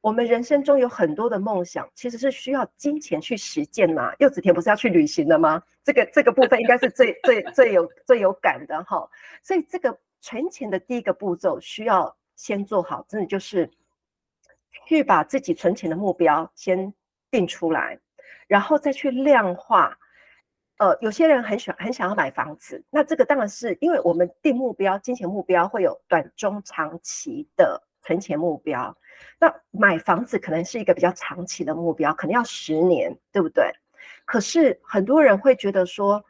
我們人生中有很多的夢想其實是需要金錢去實踐呐。柚子甜不是要去旅行的嗎？這個這個部分應該是最 最最有最有感的哈。所以這個存錢的第一個步驟需要先做好，真的就是去把自己存錢的目標先定出來，然後再去量化。呃，有些人很想很想要買房子，那這個當然是因為我們定目標，金錢目標會有短、中、長期的存錢目標，那買房子可能是一個比較長期的目標，可能要十年，對不對？可是很多人會覺得說，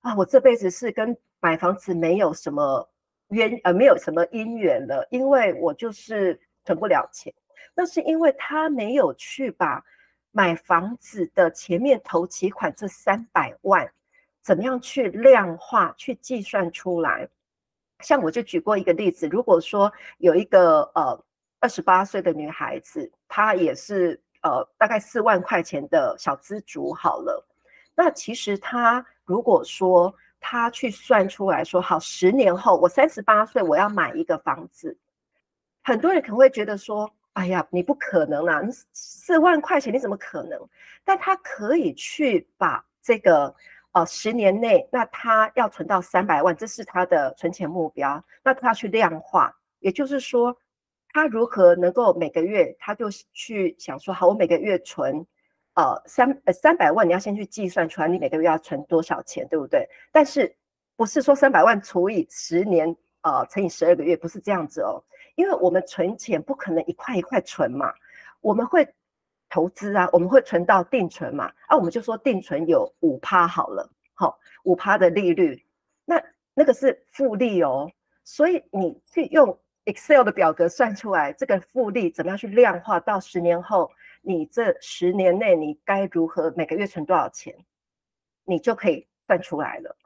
啊，我這輩子是跟買房子沒有什麼緣，呃，沒有什麼姻緣了，因為我就是存不了錢，那是因為他沒有去把，買房子的前面頭期款這三百萬，怎麼樣去量化、去計算出來？像我就舉過一個例子，如果說有一個呃二十八歲的女孩子，她也是呃大概四萬塊錢的小資族好了，那其實她如果說她去算出來說好，十年後我三十八歲我要買一個房子，很多人可能會覺得說。哎呀，你不可能啦、啊！四萬塊錢，你怎麼可能？但他可以去把這個，呃十年內，那他要存到三百萬，這是他的存錢目標。那他要去量化，也就是說，他如何能夠每個月，他就去想說，好，我每個月存，呃，三三百萬，你要先去計算出來，你每個月要存多少錢，對不對？但是不是說三百萬除以十年，呃，乘以十二個月，不是這樣子哦。因為我們存錢不可能一塊一塊存嘛，我們會投資啊，我們會存到定存嘛，啊，我們就說定存有五趴好了，好，五趴的利率，那那個是複利哦，所以你去用 Excel 的表格算出來這個複利怎麼樣去量化到十年後，你這十年內你該如何每個月存多少錢，你就可以算出來了，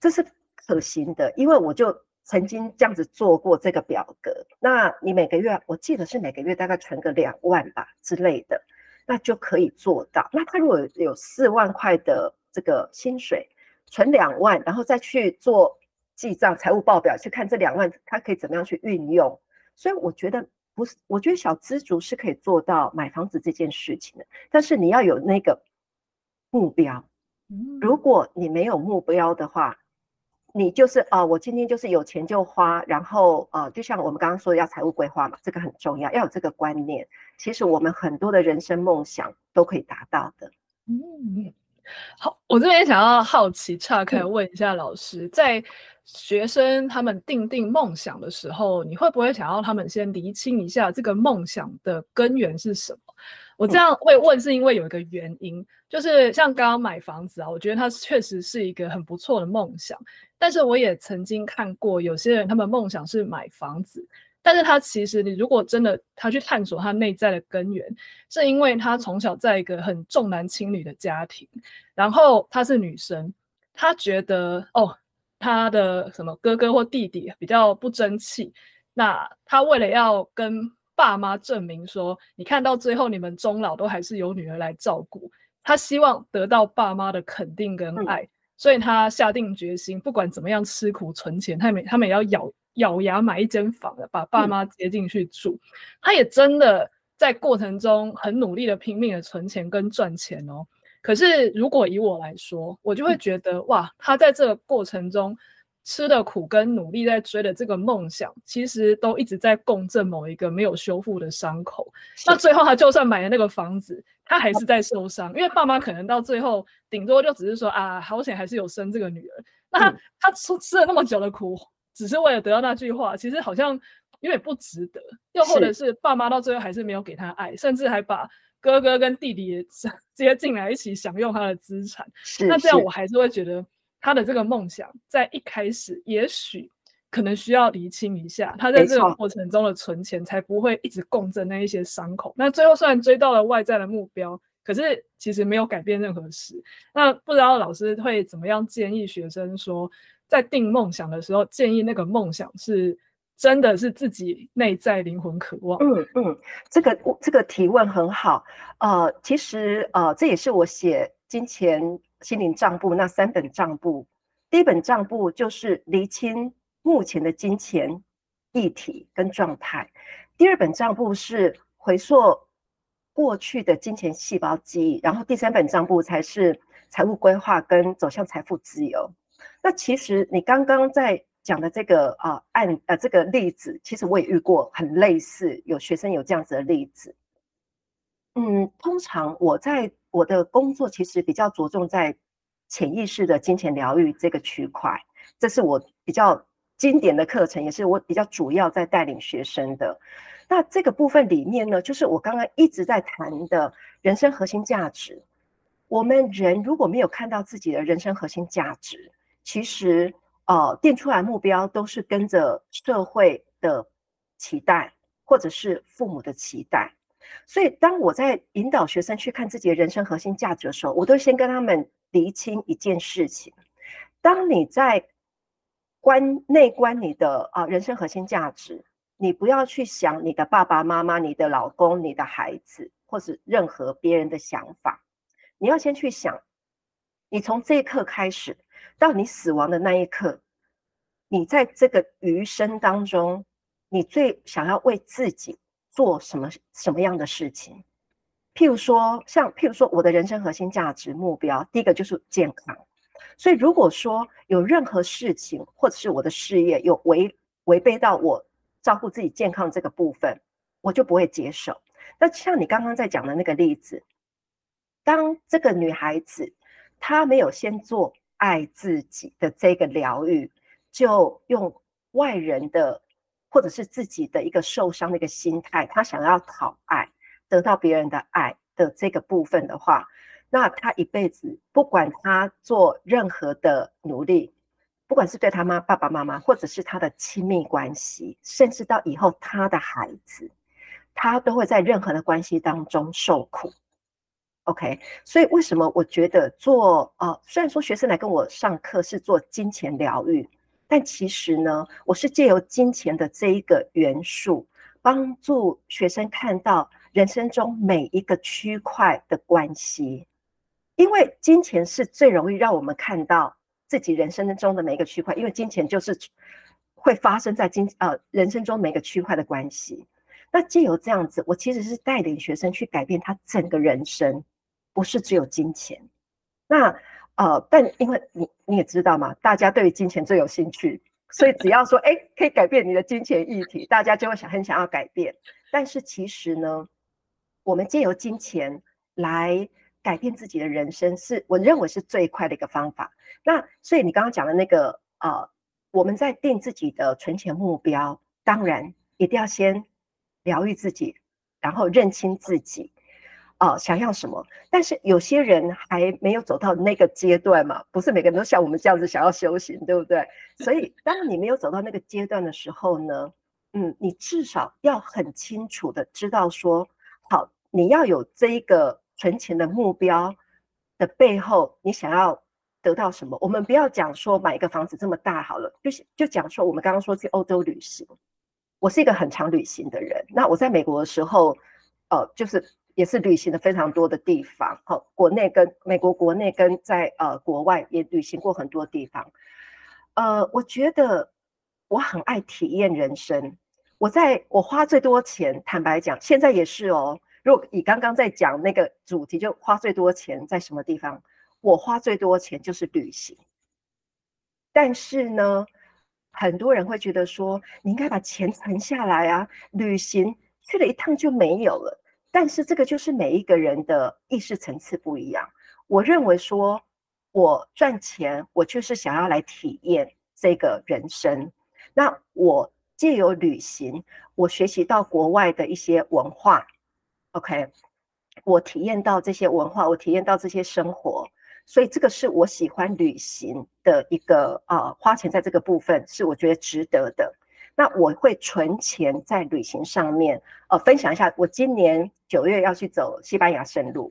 這是可行的，因為我就。曾經這樣子做過這個表格，那你每個月，我記得是每個月大概存個兩萬吧之類的，那就可以做到。那他如果有四萬塊的這個薪水，存兩萬，然後再去做記賬、財務報表，去看這兩萬他可以怎麼樣去運用。所以我覺得不是，我覺得小資族是可以做到買房子這件事情的，但是你要有那個目標。如果你沒有目標的話，你就是啊、呃，我今天就是有錢就花，然後呃，就像我們剛剛說的，要財務規劃嘛，這個很重要，要有這個觀念。其實我們很多的人生夢想都可以達到的。嗯，好，我這邊想要好奇岔開問一下老師，嗯、在學生他們定定夢想的時候，你會不會想要他們先釐清一下這個夢想的根源是什麼？我這樣會問，是因為有一個原因，嗯、就是像剛剛買房子啊，我覺得它確實是一個很不錯的夢想。但是我也曾經看過，有些人他們夢想是買房子，但是他其實你如果真的他去探索他內在的根源，是因為他從小在一個很重男輕女的家庭，然後他是女生，他覺得哦他的什麼哥哥或弟弟比較不爭氣，那他為了要跟。爸媽證明說，你看到最後，你們終老都還是由女兒來照顧，他希望得到爸媽的肯定跟愛，嗯、所以他下定決心，不管怎麼樣吃苦存錢，他們他也要咬咬牙買一間房，把爸媽接進去住。他、嗯、也真的在過程中很努力的拼命的存錢跟賺錢哦。可是如果以我來說，我就會覺得、嗯、哇，他在這個過程中，吃的苦跟努力在追的這個夢想，其實都一直在共振某一個沒有修復的傷口。是那最後他就算買了那個房子，他還是在受傷，啊、因為爸媽可能到最後頂多就只是說啊，好險還是有生這個女兒。那他、嗯、他吃吃了那麼久的苦，只是為了得到那句話，其實好像有點不值得。又或者是爸媽到最後還是沒有給他愛，是甚至還把哥哥跟弟弟接進來一起享用他的資產。是是，那這樣我還是會覺得。他的這個夢想在一開始，也許可能需要理清一下，他在這種過程中的存錢，才不會一直共振那一些傷口。沒錯。那最後雖然追到了外在的目標，可是其實沒有改變任何事。那不知道老師會怎麼樣建議學生說，在定夢想的時候，建議那個夢想是真的是自己內在靈魂渴望的。嗯嗯，這個這個提問很好。呃，其實呃，這也是我寫金錢，心靈賬簿，那三本賬簿，第一本賬簿就是釐清目前的金錢議題跟狀態，第二本賬簿是回溯過去的金錢細胞記憶，然後第三本賬簿才是財務規劃跟走向財富自由。那其實你剛剛在講的這個啊案呃，呃這個例子，其實我也遇過很類似，有學生有這樣子的例子。嗯，通常我在我的工作其實比較着重在潛意識的金錢療癒這個區塊，這是我比較經典的課程，也是我比較主要在帶領學生的。那這個部分裡面呢，就是我剛剛一直在談的人生核心價值。我們人如果沒有看到自己的人生核心價值，其實呃，定出來的目標都是跟着社會的期待，或者是父母的期待。所以，當我在引導學生去看自己的人生核心價值的時候，我都先跟他們釐清一件事情，當你在觀內觀你的啊、呃、人生核心價值，你不要去想你的爸爸媽媽、你的老公、你的孩子，或是任何別人的想法，你要先去想，你從這一刻開始到你死亡的那一刻，你在這個餘生當中，你最想要為自己。做什麼什麼樣的事情？譬如說，像譬如說，我的人生核心價值目標，第一個就是健康。所以，如果說有任何事情或者是我的事業有違違背到我照顧自己健康這個部分，我就不會接受。那像你剛剛在講的那個例子，當這個女孩子她沒有先做愛自己的這個療癒，就用外人的。或者是自己的一個受傷的一個心態，他想要討愛，得到別人的愛的這個部分的話，那他一輩子不管他做任何的努力，不管是對他媽爸爸媽媽，或者是他的親密關係，甚至到以後他的孩子，他都會在任何的關係當中受苦。OK，所以為什麼我覺得做呃，雖然說學生來跟我上課是做金錢療癒。但其實呢，我是借由金錢的這一個元素，幫助學生看到人生中每一個區塊的關係，因為金錢是最容易讓我們看到自己人生中的每一個區塊，因為金錢就是會發生在金呃人生中每個區塊的關係。那借由這樣子，我其實是帶領學生去改變他整個人生，不是只有金錢。那呃，但因為你你也知道嘛，大家對於金錢最有興趣，所以只要說，哎、欸，可以改變你的金錢議題，大家就會想很想要改變。但是其實呢，我們借由金錢來改變自己的人生是，是我認為是最快的一個方法。那所以你剛剛講的那個，呃，我們在定自己的存錢目標，當然一定要先療癒自己，然後認清自己。哦、呃，想要什麼？但是有些人還沒有走到那個階段嘛，不是每個人都像我們這樣子想要修行，對不對？所以，當你沒有走到那個階段的時候呢，嗯，你至少要很清楚的知道說，好，你要有這一個存錢的目標的背後，你想要得到什麼？我們不要講說買一個房子這麼大好了，就是就講說，我們剛剛說去歐洲旅行，我是一個很常旅行的人。那我在美國的時候，呃，就是。也是旅行的非常多的地方，好、哦，國內跟美國國內跟在呃國外也旅行過很多地方，呃，我覺得我很愛體驗人生。我在我花最多錢，坦白講，現在也是哦。如果你剛剛在講那個主題，就花最多錢在什麼地方？我花最多錢就是旅行。但是呢，很多人會覺得說，你應該把錢存下來啊，旅行去了一趟就沒有了。但是這個就是每一個人的意識層次不一樣。我認為說，我賺錢，我就是想要來體驗這個人生。那我借由旅行，我學習到國外的一些文化。OK，我體驗到這些文化，我體驗到這些生活，所以這個是我喜歡旅行的一個啊，花錢在這個部分是我覺得值得的。那我會存錢在旅行上面，呃，分享一下我今年。九月要去走西班牙聖路，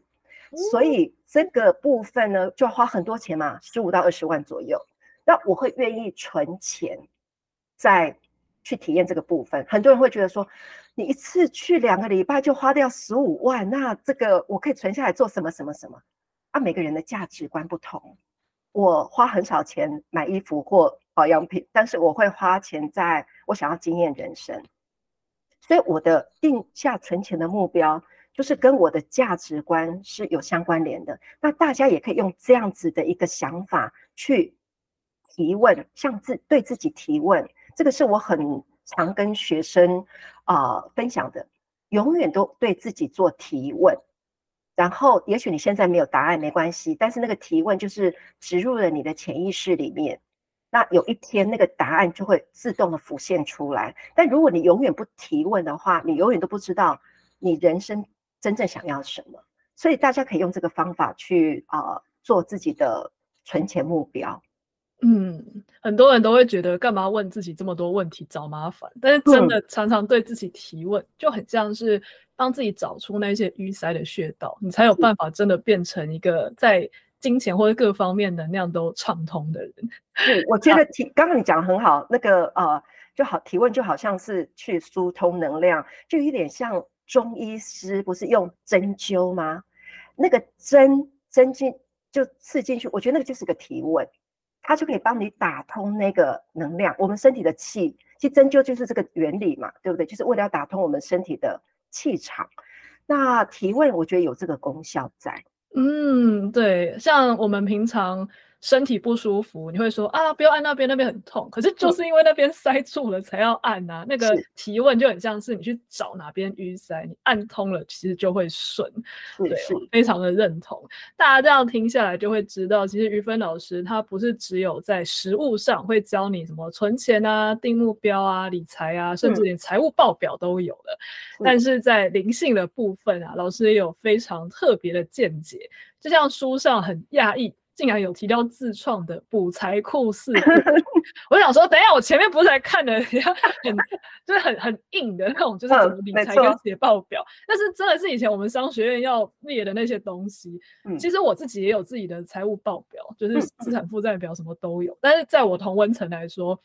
所以這個部分呢，就要花很多錢嘛，十五到二十萬左右。那我會願意存錢再去體驗這個部分。很多人會覺得說，你一次去兩個禮拜就花掉十五萬，那這個我可以存下來做什麼什麼什麼？啊，每個人的價值觀不同。我花很少錢買衣服或保養品，但是我會花錢在我想要經驗人生。所以我的定下存錢的目標，就是跟我的價值觀是有相關聯的。那大家也可以用這樣子的一個想法去提問，向自對自己提問，這個是我很常跟學生啊、呃、分享的，永遠都對自己做提問。然後，也許你現在沒有答案沒關係，但是那個提問就是植入了你的潛意識裡面。那有一天，那個答案就會自動的浮現出來。但如果你永遠不提問的話，你永遠都不知道你人生真正想要什麼。所以大家可以用這個方法去啊、呃、做自己的存錢目標。嗯，很多人都會覺得幹嘛問自己這麼多問題，找麻煩。但是真的常常對自己提問，嗯、就很像是幫自己找出那些淤塞的穴道，你才有辦法真的變成一個在。金錢或者各方面能量都暢通的人，對，我覺得提、啊、剛剛你講得很好，那個呃，就好提問就好像是去疏通能量，就有一點像中醫師不是用針灸嗎？那個針針進就刺進去，我覺得那個就是個提問，它就可以幫你打通那個能量。我們身體的氣，其實針灸就是這個原理嘛，對不對？就是為了要打通我們身體的氣場。那提問，我覺得有這個功效在。嗯，對，像我們平常。身體不舒服，你會說啊，不要按那邊，那邊很痛。可是就是因為那邊塞住了才要按啊。嗯、那個提問就很像是你去找哪邊淤塞，你按通了，其實就會順。是對、哦、非常的認同。大家這樣聽下來，就會知道，其實瑜芬老師他不是只有在實務上會教你什麼存錢啊、定目標啊、理財啊，甚至連財務報表都有了。嗯、但是在靈性的部分啊，老師也有非常特別的見解。就像書上很訝異。竟然有提到自創的補財庫式， 我想說，等一下，我前面不是還看的很，就是很很硬的那種，就是理財跟寫報表。哦、但是真的是以前我們商學院要列的那些東西。嗯、其實我自己也有自己的財務報表，就是資產負債表什麼都有。嗯、但是在我同溫層來說，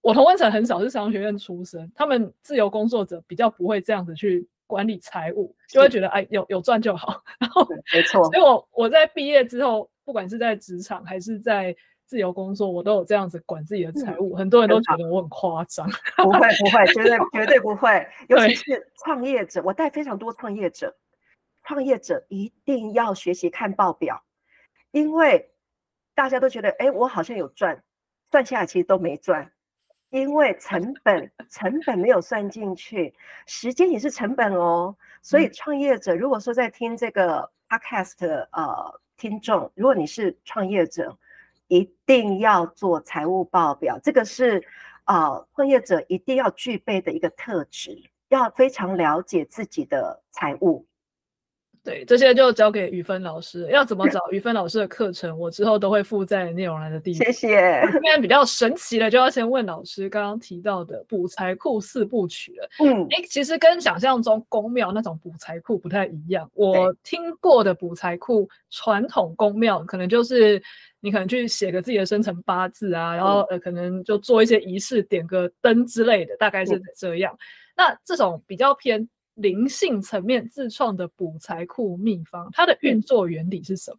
我同溫層很少是商學院出身，他們自由工作者比較不會這樣子去。管理財務就會覺得是哎，有有賺就好，然後沒錯。所以我，我我在畢業之後，不管是在職場還是在自由工作，我都有這樣子管自己的財務。嗯、很多人都覺得我很誇張，不會不會，絕對 絕對不會。尤其是創業者，對我帶非常多創業者，創業者一定要學習看報表，因為大家都覺得哎、欸，我好像有賺，賺下來其實都沒賺。 因為成本成本沒有算進去，時間也是成本哦。所以創業者如果說在聽這個 podcast 的呃聽眾，如果你是創業者，一定要做財務報表，這個是呃創業者一定要具備的一個特質，要非常了解自己的財務。對，這些就交給瑜芬老師。要怎麼找瑜芬老師的課程？我之後都會附在內容欄的底部。謝謝。這邊比較神奇的，就要先問老師剛剛提到的補財庫四部曲了。嗯誒，其實跟想象中宮廟那種補財庫不太一樣。我聽過的補財庫，傳統宮廟可能就是你可能去寫個自己的生辰八字啊，嗯、然後呃，可能就做一些儀式，點個燈之類的，大概是這樣。嗯、那這種比較偏。靈性層面自創的補財庫秘方，它的運作原理是什麼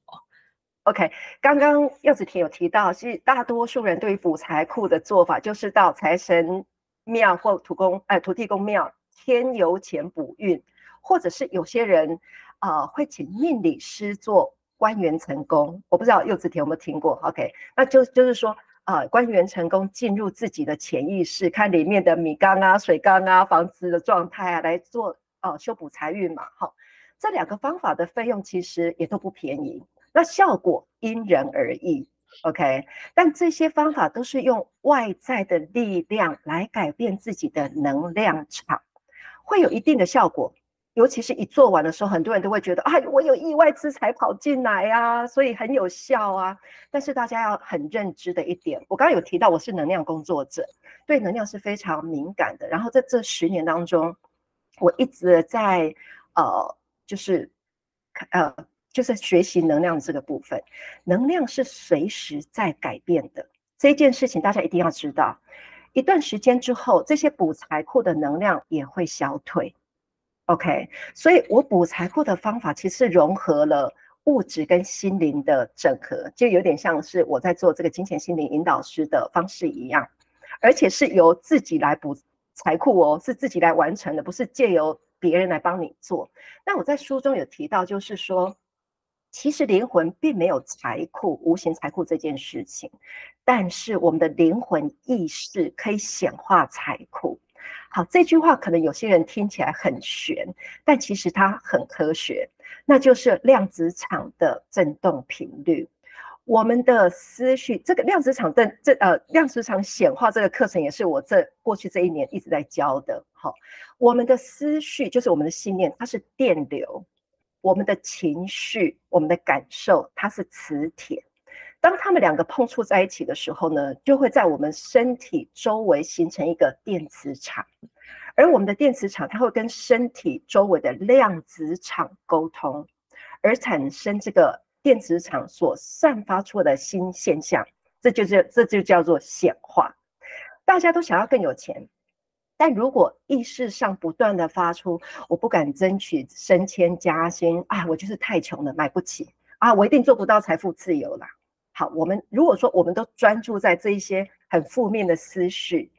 ？OK，剛剛柚子甜有提到，其實大多數人對於補財庫的做法，就是到財神廟或土公，哎，土地公廟添油錢補運，或者是有些人啊、呃、會請命理師做觀元辰宮。我不知道柚子甜有沒有聽過？OK，那就就是說啊、呃，觀元辰宮進入自己的潛意識，看裡面的米缸啊、水缸啊、房子的狀態啊來做。哦，修補財運嘛，哈、哦，這兩個方法的費用其實也都不便宜，那效果因人而異，OK。但這些方法都是用外在的力量來改變自己的能量場，會有一定的效果，尤其是一做完的時候，很多人都會覺得啊、哎，我有意外之財跑進來啊，所以很有效啊。但是大家要很認知的一點，我剛剛有提到，我是能量工作者，對能量是非常敏感的，然後在這十年當中。我一直在，呃，就是，呃，就是學習能量這個部分。能量是隨時在改變的，這件事情大家一定要知道。一段時間之後，這些補財庫的能量也會消退。OK，所以我補財庫的方法其實融合了物質跟心靈的整合，就有點像是我在做這個金錢心靈引導師的方式一樣，而且是由自己來補。財庫哦，是自己來完成的，不是借由別人來幫你做。那我在書中有提到，就是說，其實靈魂並沒有財庫、無形財庫這件事情，但是我們的靈魂意識可以顯化財庫。好，這句話可能有些人聽起來很玄，但其實它很科學，那就是量子場的振動頻率。我們的思緒，這個量子場的這呃量子場顯化這個課程也是我這過去這一年一直在教的。好、哦，我們的思緒就是我們的信念，它是電流；我們的情緒、我們的感受，它是磁鐵。當它們兩個碰觸在一起的時候呢，就會在我們身體周圍形成一個電磁場，而我們的電磁場它會跟身體周圍的量子場溝通，而產生這個。電磁場所散發出的新現象，這就叫、是、這就叫做顯化。大家都想要更有錢，但如果意識上不斷地發出“我不敢爭取升遷加薪”，啊、哎，我就是太窮了，買不起啊，我一定做不到財富自由了。好，我們如果說我們都專注在這一些很負面的思緒，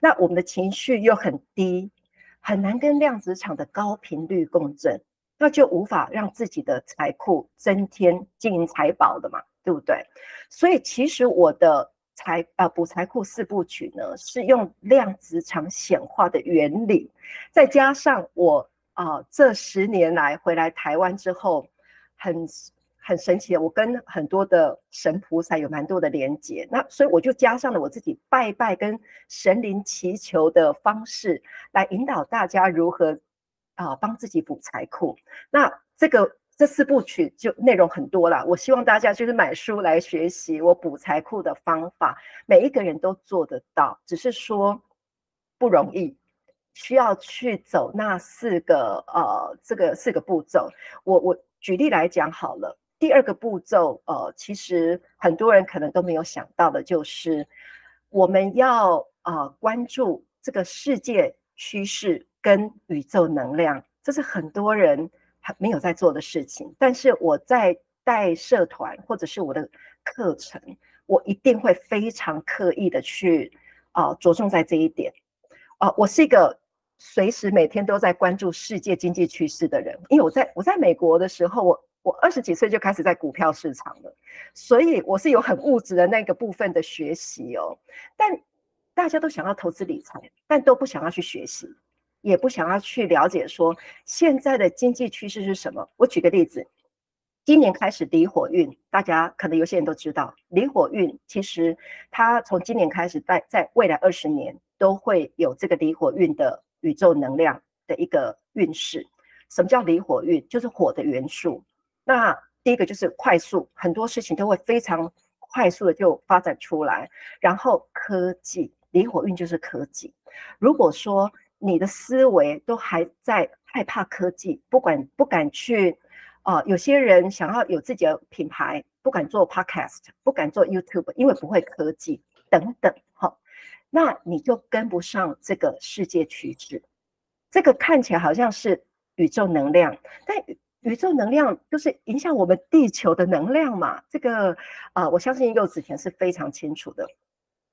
那我們的情緒又很低，很難跟量子場的高頻率共振。那就無法讓自己的財庫增添金銀財寶的嘛，對不對？所以其實我的財呃補財庫四部曲呢，是用量子場顯化的原理，再加上我啊，呃，這十年來回來台灣之後，很很神奇的，我跟很多的神菩薩有蠻多的連接，那所以我就加上了我自己拜拜跟神靈祈求的方式來引導大家如何。啊、呃，幫自己補財庫。那這個這四部曲就內容很多了。我希望大家就是買書來學習我補財庫的方法，每一個人都做得到，只是說不容易，需要去走那四個呃，這個四個步驟。我我舉例來講好了，第二個步驟呃，其實很多人可能都沒有想到的就是，我們要呃關注這個世界趨勢。跟宇宙能量。這是很多人還沒有在做的事情。但是我在帶社團或者是我的課程，我一定會非常刻意的去啊、呃、着重在這一點。啊、呃，我是一個隨時每天都在關注世界經濟趨勢的人，因為我在我在美國的時候，我我二十幾歲就開始在股票市場了，所以我是有很物質的那個部分的學習哦。但大家都想要投資理財，但都不想要去學習。也不想要去了解說現在的經濟趨勢是什麼。我舉個例子，今年開始離火運，大家可能有些人都知道，離火運其實它從今年開始，在在未來二十年都會有這個離火運的宇宙能量的一個運勢。什麼叫離火運？就是火的元素。那第一個就是快速，很多事情都會非常快速的就發展出來。然後科技，離火運就是科技。如果說你的思維都還在害怕科技，不管不敢去，哦、呃，有些人想要有自己的品牌，不敢做 Podcast，不敢做 YouTube，因為不會科技等等，哈，那你就跟不上這個世界趨勢。這個看起來好像是宇宙能量，但宇宙能量就是影響我們地球的能量嘛。這個啊、呃，我相信柚子甜是非常清楚的。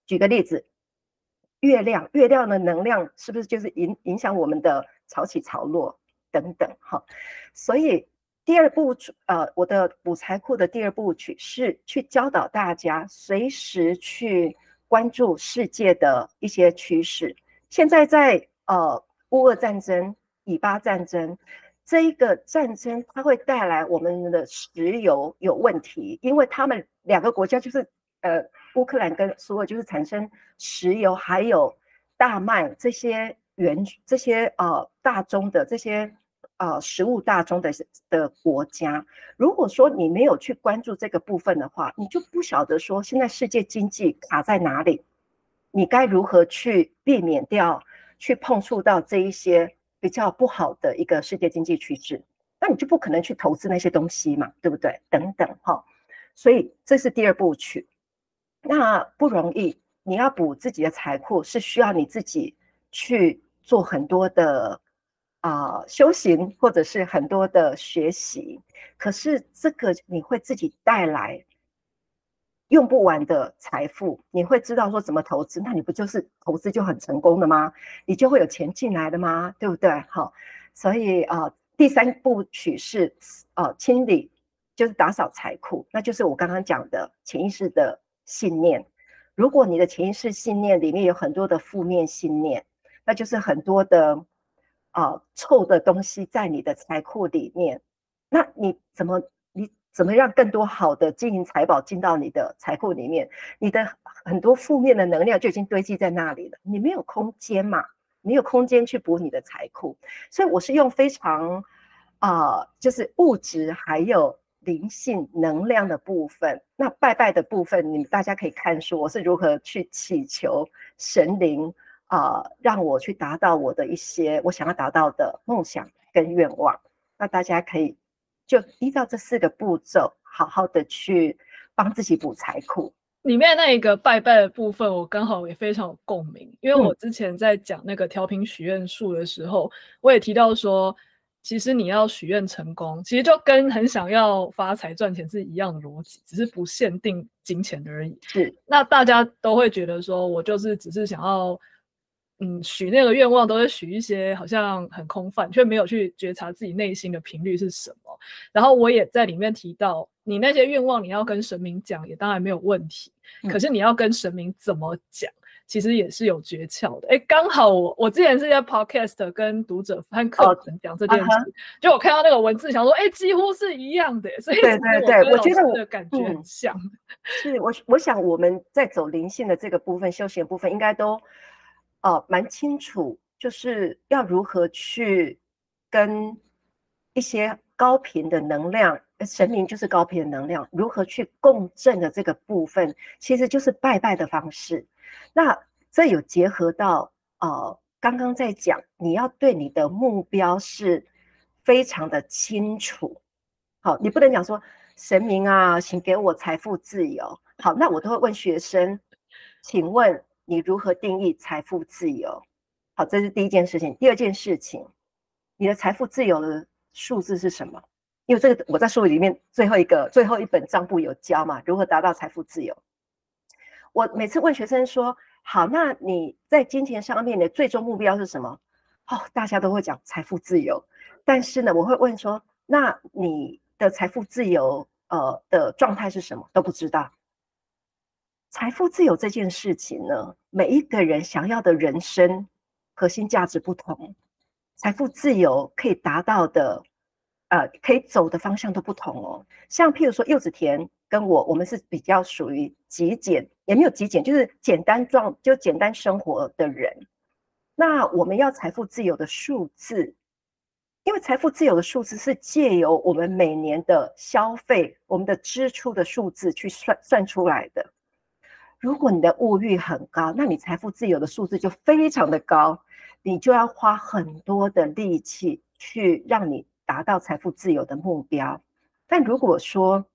舉個例子。月亮，月亮的能量是不是就是影影響我們的潮起潮落等等哈？所以第二部呃，我的補財庫的第二部曲是去教導大家隨時去關注世界的一些趨勢。現在在呃，烏俄戰爭、以巴戰爭這一個戰爭，它會帶來我們的石油有問題，因為他們兩個國家就是呃。烏克蘭跟所有就是產生石油，還有大麥這些原這些呃大宗的這些呃食物大宗的的國家，如果說你沒有去關注這個部分的話，你就不曉得說現在世界經濟卡在哪裡，你該如何去避免掉去碰觸到這一些比較不好的一個世界經濟趨勢，那你就不可能去投資那些東西嘛，對不對？等等哈，所以這是第二部曲。那不容易，你要補自己的財庫是需要你自己去做很多的啊、呃、修行，或者是很多的學習。可是這個你會自己帶來用不完的財富，你會知道說怎麼投資，那你不就是投資就很成功了嗎？你就會有錢進來的嗎？對不對？好，所以啊、呃，第三部曲是啊、呃、清理就是打掃財庫，那就是我剛剛講的潛意識的。信念，如果你的潛意識信念裡面有很多的負面信念，那就是很多的啊、呃、臭的東西在你的財庫裡面。那你怎麼你怎麼讓更多好的金銀財寶進到你的財庫裡面？你的很多負面的能量就已經堆積在那裡了，你沒有空間嘛？沒有空間去補你的財庫。所以我是用非常啊、呃，就是物質還有。靈性能量的部分，那拜拜的部分，你們大家可以看書，我是如何去祈求神靈啊、呃，讓我去達到我的一些我想要達到的夢想跟願望。那大家可以就依照這四個步驟，好好的去幫自己補財庫。裡面那一個拜拜的部分，我剛好也非常有共鳴，因為我之前在講那個調頻許願樹的時候，嗯、我也提到說。其實你要許願成功，其實就跟很想要發財賺錢是一樣的邏輯，只是不限定金錢而已。是、嗯，那大家都會覺得說，我就是只是想要，嗯，許那個願望，都是許一些好像很空泛，卻沒有去覺察自己內心的頻率是什麼。然後我也在裡面提到，你那些願望你要跟神明講，也當然沒有問題。嗯、可是你要跟神明怎麼講？其實也是有訣竅的。哎、欸，剛好我我之前是在 Podcast 跟讀者翻課本講這件事，oh, uh huh. 就我看到那個文字，想說，哎、欸，幾乎是一樣的。所以對對對，我覺得的感覺很像。是我我想我們在走靈性的這個部分，修行的部分，應該都哦蠻、呃、清楚，就是要如何去跟一些高頻的能量，呃、神明就是高頻的能量，如何去共振的這個部分，其實就是拜拜的方式。那這有結合到，呃，剛剛在講，你要對你的目標是非常的清楚。好，你不能講說神明啊，請給我財富自由。好，那我都會問學生，請問你如何定義財富自由？好，這是第一件事情。第二件事情，你的財富自由的數字是什麼？因為這個我在書裡面最後一個，最後一本賬簿有教嘛，如何達到財富自由。我每次問學生說：“好，那你在金錢上面的最終目標是什麼？”哦，大家都會講財富自由，但是呢，我會問說：“那你的財富自由，呃，的狀態是什麼？”都不知道。財富自由這件事情呢，每一個人想要的人生核心價值不同，財富自由可以達到的，呃，可以走的方向都不同哦。像譬如說，柚子田。跟我，我們是比較屬於極簡，也沒有極簡，就是簡單狀，就簡單生活的人。那我們要財富自由的數字，因為財富自由的數字是借由我們每年的消費、我們的支出的數字去算，算出來的。如果你的物慾很高，那你財富自由的數字就非常的高，你就要花很多的力氣去讓你達到財富自由的目標。但如果說，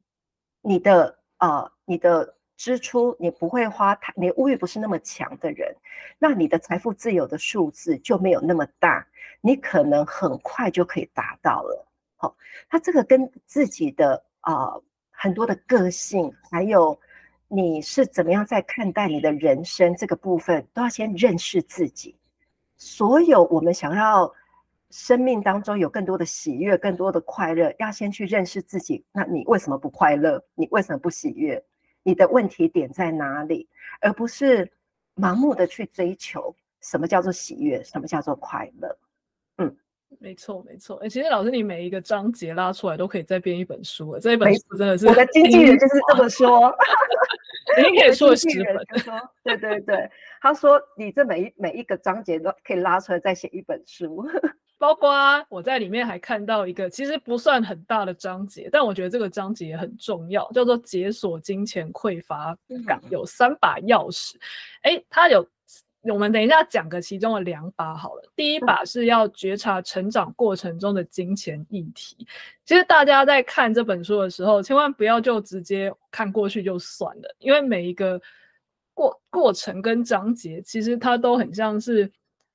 你的呃，你的支出你不會花太，你物欲不是那麼強的人，那你的財富自由的數字就沒有那麼大，你可能很快就可以達到了。好、哦，它這個跟自己的呃很多的個性，還有你是怎麼樣在看待你的人生這個部分，都要先認識自己。所有我們想要。生命當中有更多的喜悅，更多的快樂，要先去認識自己。那你為什麼不快樂？你為什麼不喜悅？你的問題點在哪裡？而不是盲目的去追求什麼叫做喜悅，什麼叫做快樂？嗯，沒錯，沒錯。欸，其實老師，你每一個章節拉出來都可以再編一本書了，這一本書真的是我的經紀人就是這麼說，哈 你可以做十本，他 說，對對對，他說你這每一每一個章節都可以拉出來再寫一本書。包括啊，我在裡面還看到一個其實不算很大的章節，但我覺得這個章節很重要，叫做“解鎖金錢匱乏感”，嗯、有三把鑰匙。哎、欸，它有，我們等一下講個其中的兩把好了。第一把是要覺察成長過程中的金錢議題。嗯、其實大家在看這本書的時候，千萬不要就直接看過去就算了，因為每一個過過程跟章節，其實它都很像是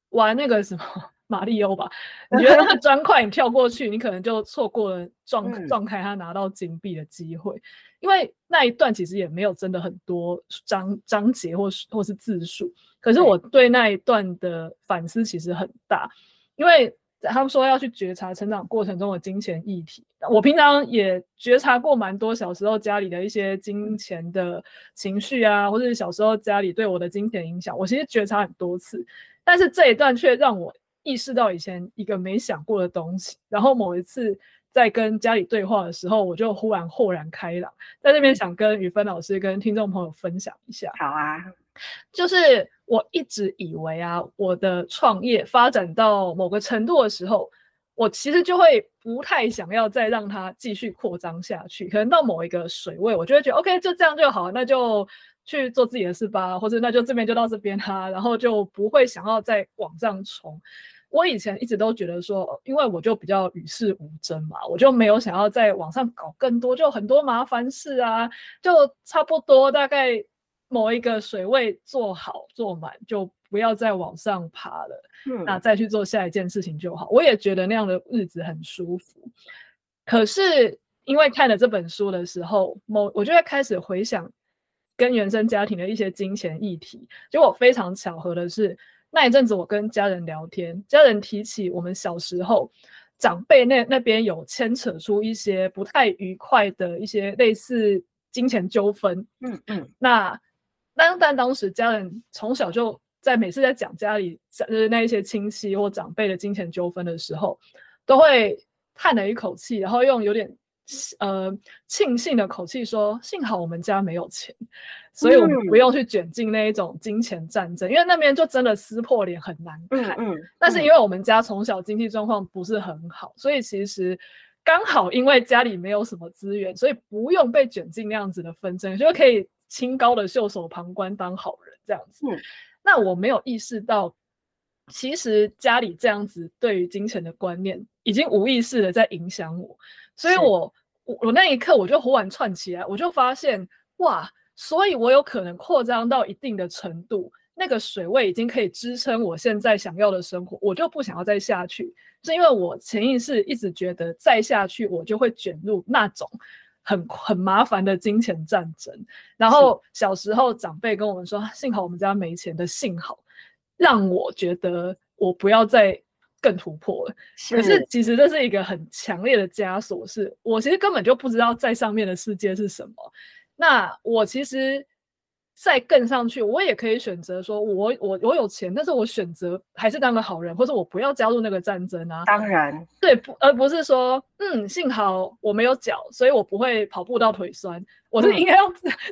玩那個什麼。馬里歐吧，你覺得那個磚塊，你跳過去， 你可能就錯過了撞撞開他拿到金幣的機會。嗯。因為那一段其實也沒有真的很多章章節，或是或是字數。可是我對那一段的反思其實很大，對因為他們說要去覺察成長過程中的金錢議題。我平常也覺察過蠻多小時候家裡的一些金錢的情緒啊，或者小時候家裡對我的金錢的影響，我其實覺察很多次。但是這一段卻讓我。意識到以前一個沒想過的東西，然後某一次在跟家裡對話的時候，我就忽然豁然開朗，在這邊想跟瑜芬老師、嗯、跟聽眾朋友分享一下。好啊，就是我一直以為啊，我的創業發展到某個程度的時候，我其實就會不太想要再讓它繼續擴張下去，可能到某一個水位，我就會覺得 OK，就這樣就好，那就。去做自己的事吧，或者那就這邊就到這邊哈、啊，然後就不會想要再往上衝。我以前一直都覺得說，因為我就比較與世無爭嘛，我就沒有想要再往上搞更多，就很多麻煩事啊，就差不多大概某一個水位做好做滿，就不要再往上爬了。嗯、那再去做下一件事情就好。我也覺得那樣的日子很舒服，可是因為看了這本書的時候，某我就會開始回想。跟原生家庭的一些金錢議題，結果非常巧合的是，那一陣子我跟家人聊天，家人提起我們小時候長輩那那邊有牽扯出一些不太愉快的一些類似金錢糾紛。嗯，嗯嗯，那但但當時家人從小就在每次在講家裡就是那一些親戚或長輩的金錢糾紛的時候，都會嘆了一口氣，然後用有點。呃，慶幸的口氣說：“幸好我們家沒有錢，所以我們不用去捲進那一種金錢戰爭，嗯、因為那邊就真的撕破臉很難看。嗯嗯、但是因為我們家從小經濟狀況不是很好，所以其實剛好因為家裡沒有什麼資源，所以不用被捲進那樣子的紛爭，就可以清高的袖手旁觀，當好人這樣子。嗯、那我沒有意識到，其實家裡這樣子對於金錢的觀念，已經無意識的在影響我。”所以我是我,我那一刻我就忽然串起來，我就發現哇，所以我有可能擴張到一定的程度，那個水位已經可以支撐我現在想要的生活，我就不想要再下去，是因為我潛意識一直覺得再下去我就會卷入那種很很麻煩的金錢戰爭。然後小時候長輩跟我們說，幸好我們家沒錢的，幸好讓我覺得我不要再。更突破了，是可是其實這是一個很強烈的枷鎖，是我其實根本就不知道在上面的世界是什麼。那我其實。再更上去，我也可以選擇說我，我我我有錢，但是我選擇還是當個好人，或者我不要加入那個戰爭啊。當然，對不？而不是說，嗯，幸好我沒有腳，所以我不會跑步到腿酸。我是應該要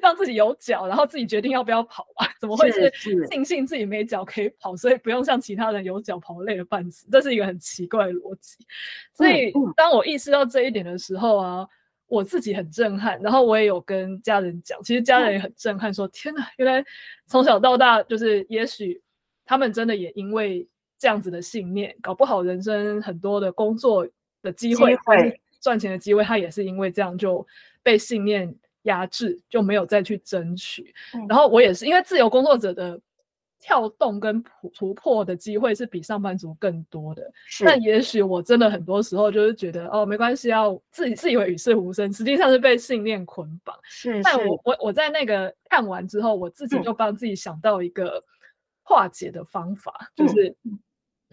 讓自己有腳，嗯、然後自己決定要不要跑啊？怎麼會是慶幸自己沒腳可以跑，是是所以不用像其他人有腳跑累了半死？這是一個很奇怪的邏輯。所以、嗯、當我意識到這一點的時候啊。我自己很震撼，然後我也有跟家人講，其實家人也很震撼說，說、嗯、天吶，原來從小到大就是，也許他們真的也因為這樣子的信念，搞不好人生很多的工作的機會、機會賺錢的機會，他也是因為這樣就被信念壓制，就沒有再去爭取。嗯、然後我也是因為自由工作者的。跳動跟突、突破的機會是比上班族更多的，是但也許我真的很多時候就是覺得哦沒關係，要自己自以為與世無爭，實際上是被信念捆綁。是，是，但我我我在那個看完之後，我自己就幫自己想到一個化解的方法，嗯、就是、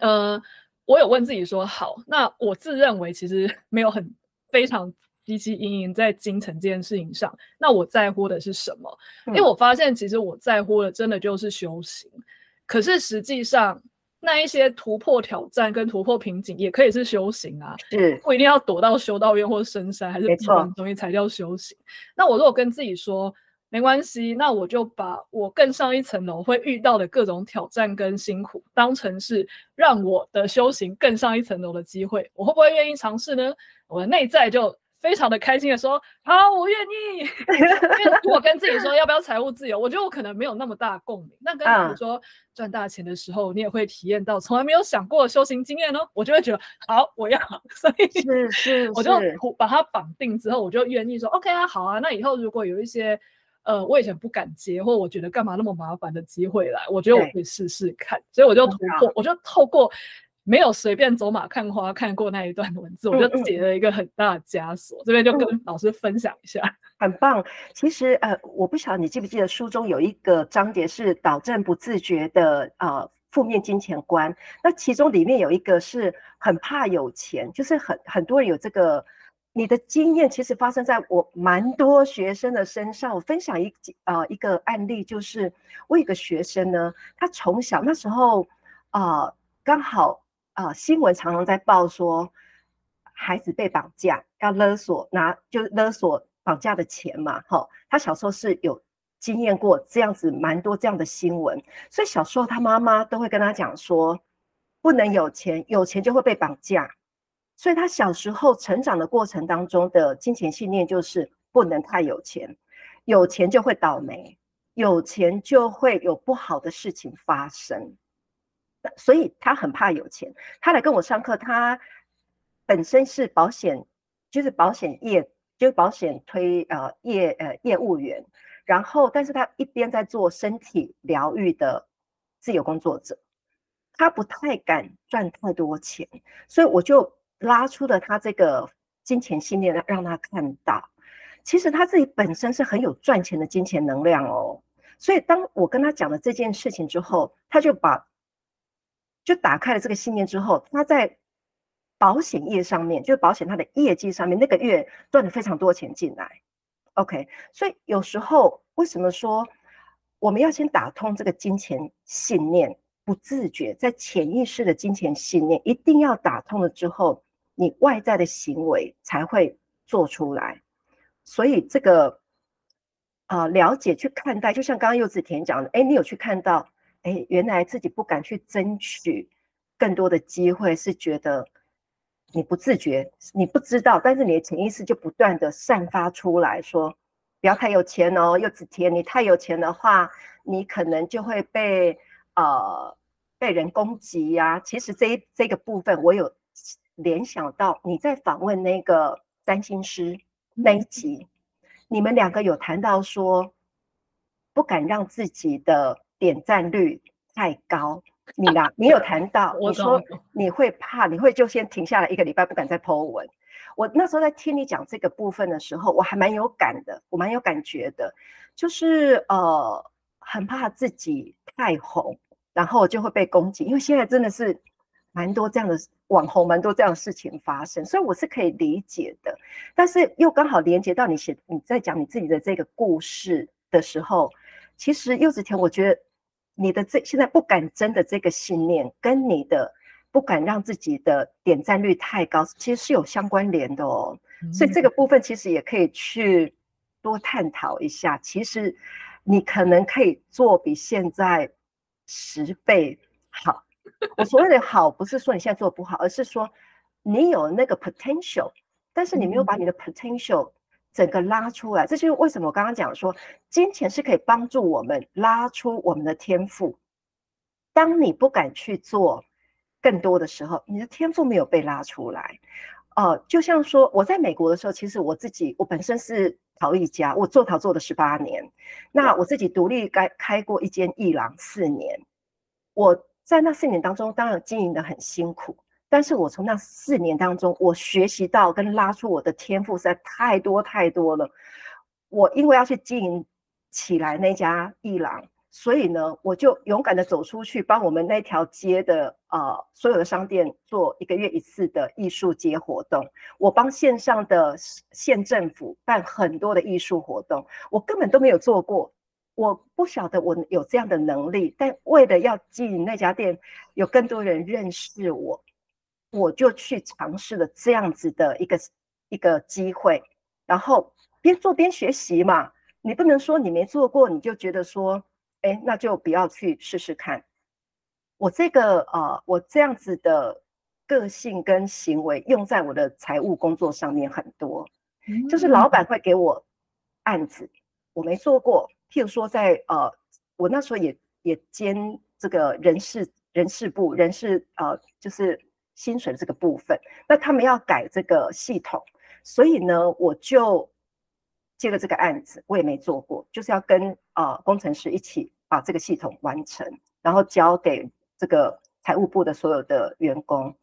嗯、呃，我有問自己說，好，那我自認為其實沒有很非常。汲汲營營在精神這件事情上，那我在乎的是什麼？因為我發現，其實我在乎的真的就是修行。嗯、可是實際上，那一些突破挑戰跟突破瓶頸，也可以是修行啊，是不一定要躲到修道院或深山，還是錯東西才叫修行。錯那我如果跟自己說沒關係，那我就把我更上一層樓會遇到的各種挑戰跟辛苦，當成是讓我的修行更上一層樓的機會，我會不會願意嘗試呢？我的內在就。非常的開心的說：“好，我願意。”因為我跟自己說，要不要財務自由， 我覺得我可能沒有那麼大共鳴。那跟你說賺、uh. 大錢的時候，你也會體驗到從來沒有想過修行經驗哦。我就會覺得好，我要，所以是是，我就把它綁定之後，我就願意說 OK 啊，好啊。那以後如果有一些呃，我以前不敢接，或我覺得幹嘛那麼麻煩的機會來，我覺得我可以試試看。對所以我就突破，我就透過。嗯嗯沒有隨便走馬看花看過那一段文字，我就寫了一個很大的枷鎖。嗯、這邊就跟老師分享一下，嗯、很棒。其實呃，我不曉得你記不記得書中有一個章節是導正不自覺的啊、呃、負面金錢觀。那其中裡面有一個是很怕有錢，就是很很多人有這個。你的經驗其實發生在我蠻多學生的身上。我分享一啊、呃、一個案例，就是我有一個學生呢，他從小那時候啊、呃、剛好。啊，新聞常常在報說孩子被綁架要勒索，拿就勒索綁架的錢嘛。吼，他小時候是有經驗過這樣子蠻多這樣的新聞，所以小時候他媽媽都會跟他講說，不能有錢，有錢就會被綁架。所以他小時候成長的過程當中的金錢信念就是不能太有錢，有錢就會倒霉，有錢就會有不好的事情發生。所以他很怕有錢。他來跟我上課，他本身是保險，就是保險業，就是保險推呃業呃業務員。然後，但是他一邊在做身體療癒的自由工作者，他不太敢賺太多錢。所以我就拉出了他這個金錢信念，讓讓他看到，其實他自己本身是很有賺錢的金錢能量哦。所以當我跟他講了這件事情之後，他就把。就打開了這個信念之後，他在保險業上面，就保險它的業績上面，那個月賺了非常多錢進來。OK，所以有時候為什麼說我們要先打通這個金錢信念？不自覺在潛意識的金錢信念一定要打通了之後，你外在的行為才會做出來。所以這個，呃，了解去看待，就像剛剛柚子甜講的，哎、欸，你有去看到？哎，原來自己不敢去爭取更多的機會，是覺得你不自覺，你不知道，但是你的潛意識就不斷的散發出來說，不要太有錢哦，柚子甜，你太有錢的話，你可能就會被呃被人攻擊呀、啊。其實這一這個部分，我有聯想到你在訪問那個占星師那一集，嗯、你們兩個有談到說，不敢讓自己的。點讚率太高，你啦，你有談到，我 說你會怕，你會就先停下來一個禮拜，不敢再 Po 文。我那時候在聽你講這個部分的時候，我還蠻有感的，我蠻有感覺的，就是呃，很怕自己太紅，然後就會被攻擊。因為現在真的是蠻多這樣的網紅，蠻多這樣的事情發生，所以我是可以理解的。但是又剛好連接到你寫你在講你自己的這個故事的時候，其實柚子甜，我覺得。你的這現在不敢爭的這個信念，跟你的不敢讓自己的點讚率太高，其實是有相關聯的哦。嗯、所以這個部分其實也可以去多探討一下。其實你可能可以做比現在十倍好。我所謂的好，不是說你現在做不好， 而是說你有那個 potential，但是你沒有把你的 potential、嗯。整個拉出來，這就是為什麼我剛剛講說，金錢是可以幫助我們拉出我們的天賦。當你不敢去做更多的時候，你的天賦沒有被拉出來。哦、呃，就像說我在美國的時候，其實我自己，我本身是陶藝家，我做陶做了十八年，那我自己獨立開開過一間藝廊四年，我在那四年當中，當然經營得很辛苦。但是我從那四年當中，我學習到跟拉出我的天賦實在太多太多了。我因為要去經營起來那家藝廊，所以呢，我就勇敢的走出去，幫我們那條街的呃所有的商店做一個月一次的藝術節活動。我幫縣上的縣政府辦很多的藝術活動，我根本都沒有做過，我不曉得我有這樣的能力。但為了要經營那家店，有更多人認識我。我就去嘗試了這樣子的一個一個機會，然後邊做邊學習嘛。你不能說你沒做過，你就覺得說，哎、欸，那就不要去試試看。我這個呃，我這樣子的個性跟行為用在我的財務工作上面很多，就是老闆會給我案子，我沒做過。譬如說在，在呃，我那時候也也兼這個人事人事部人事呃，就是。薪水的這個部分，那他們要改這個系統，所以呢，我就接了這個案子，我也沒做過，就是要跟呃工程師一起把這個系統完成，然後交給這個財務部的所有的員工，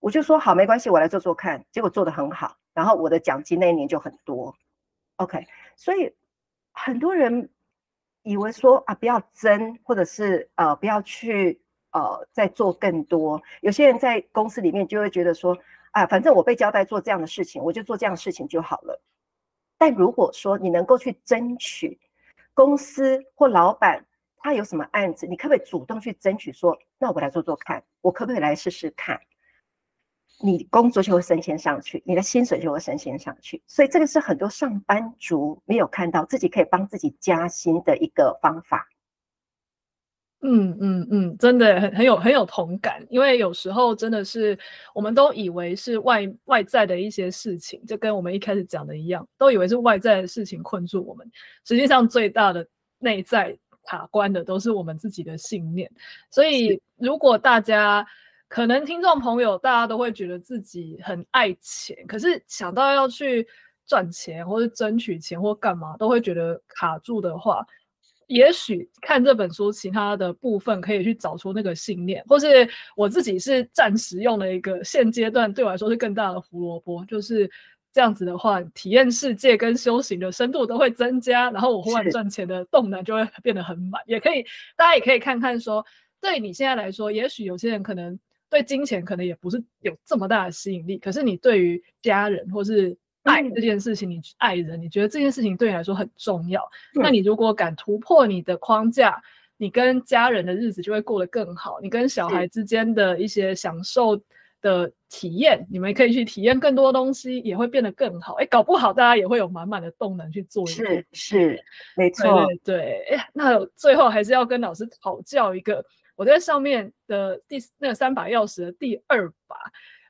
我就說好，沒關係，我來做做看，結果做得很好，然後我的獎金那一年就很多，OK，所以很多人以為說啊，不要爭，或者是呃不要去。呃，再做更多。有些人在公司裡面就會覺得說，啊，反正我被交代做這樣的事情，我就做這樣的事情就好了。但如果說你能夠去爭取公司或老闆，他有什麼案子，你可不可以主動去爭取說，那我來做做看，我可不可以來試試看？你工作就會升遷上去，你的薪水就會升遷上去。所以這個是很多上班族沒有看到自己可以幫自己加薪的一個方法。嗯嗯嗯，真的很很有很有同感，因為有時候真的是我們都以為是外外在的一些事情，就跟我們一開始講的一樣，都以為是外在的事情困住我們。實際上最大的內在卡關的都是我們自己的信念。所以如果大家是可能聽眾朋友，大家都會覺得自己很愛錢，可是想到要去賺錢或者爭取錢或幹嘛，都會覺得卡住的話。也許看這本書，其他的部分可以去找出那個信念，或是我自己是暫時用了一個現階段對我來說是更大的胡蘿蔔，就是這樣子的話，體驗世界跟修行的深度都會增加，然後我忽然賺錢的動能就會變得很滿。是也可以，大家也可以看看說，對你現在來說，也許有些人可能對金錢可能也不是有這麼大的吸引力，可是你對於家人或是。嗯、愛這件事情，你愛人，你覺得這件事情對你來說很重要。是那你如果敢突破你的框架，你跟家人的日子就會過得更好。你跟小孩之間的一些享受的體驗，是你們可以去體驗更多東西，也會變得更好。哎、欸，搞不好大家也會有滿滿的動能去做一件事。是是，沒錯，對，對，對。哎，那最後還是要跟老師討教一個，我在上面的第那三把鑰匙的第二把，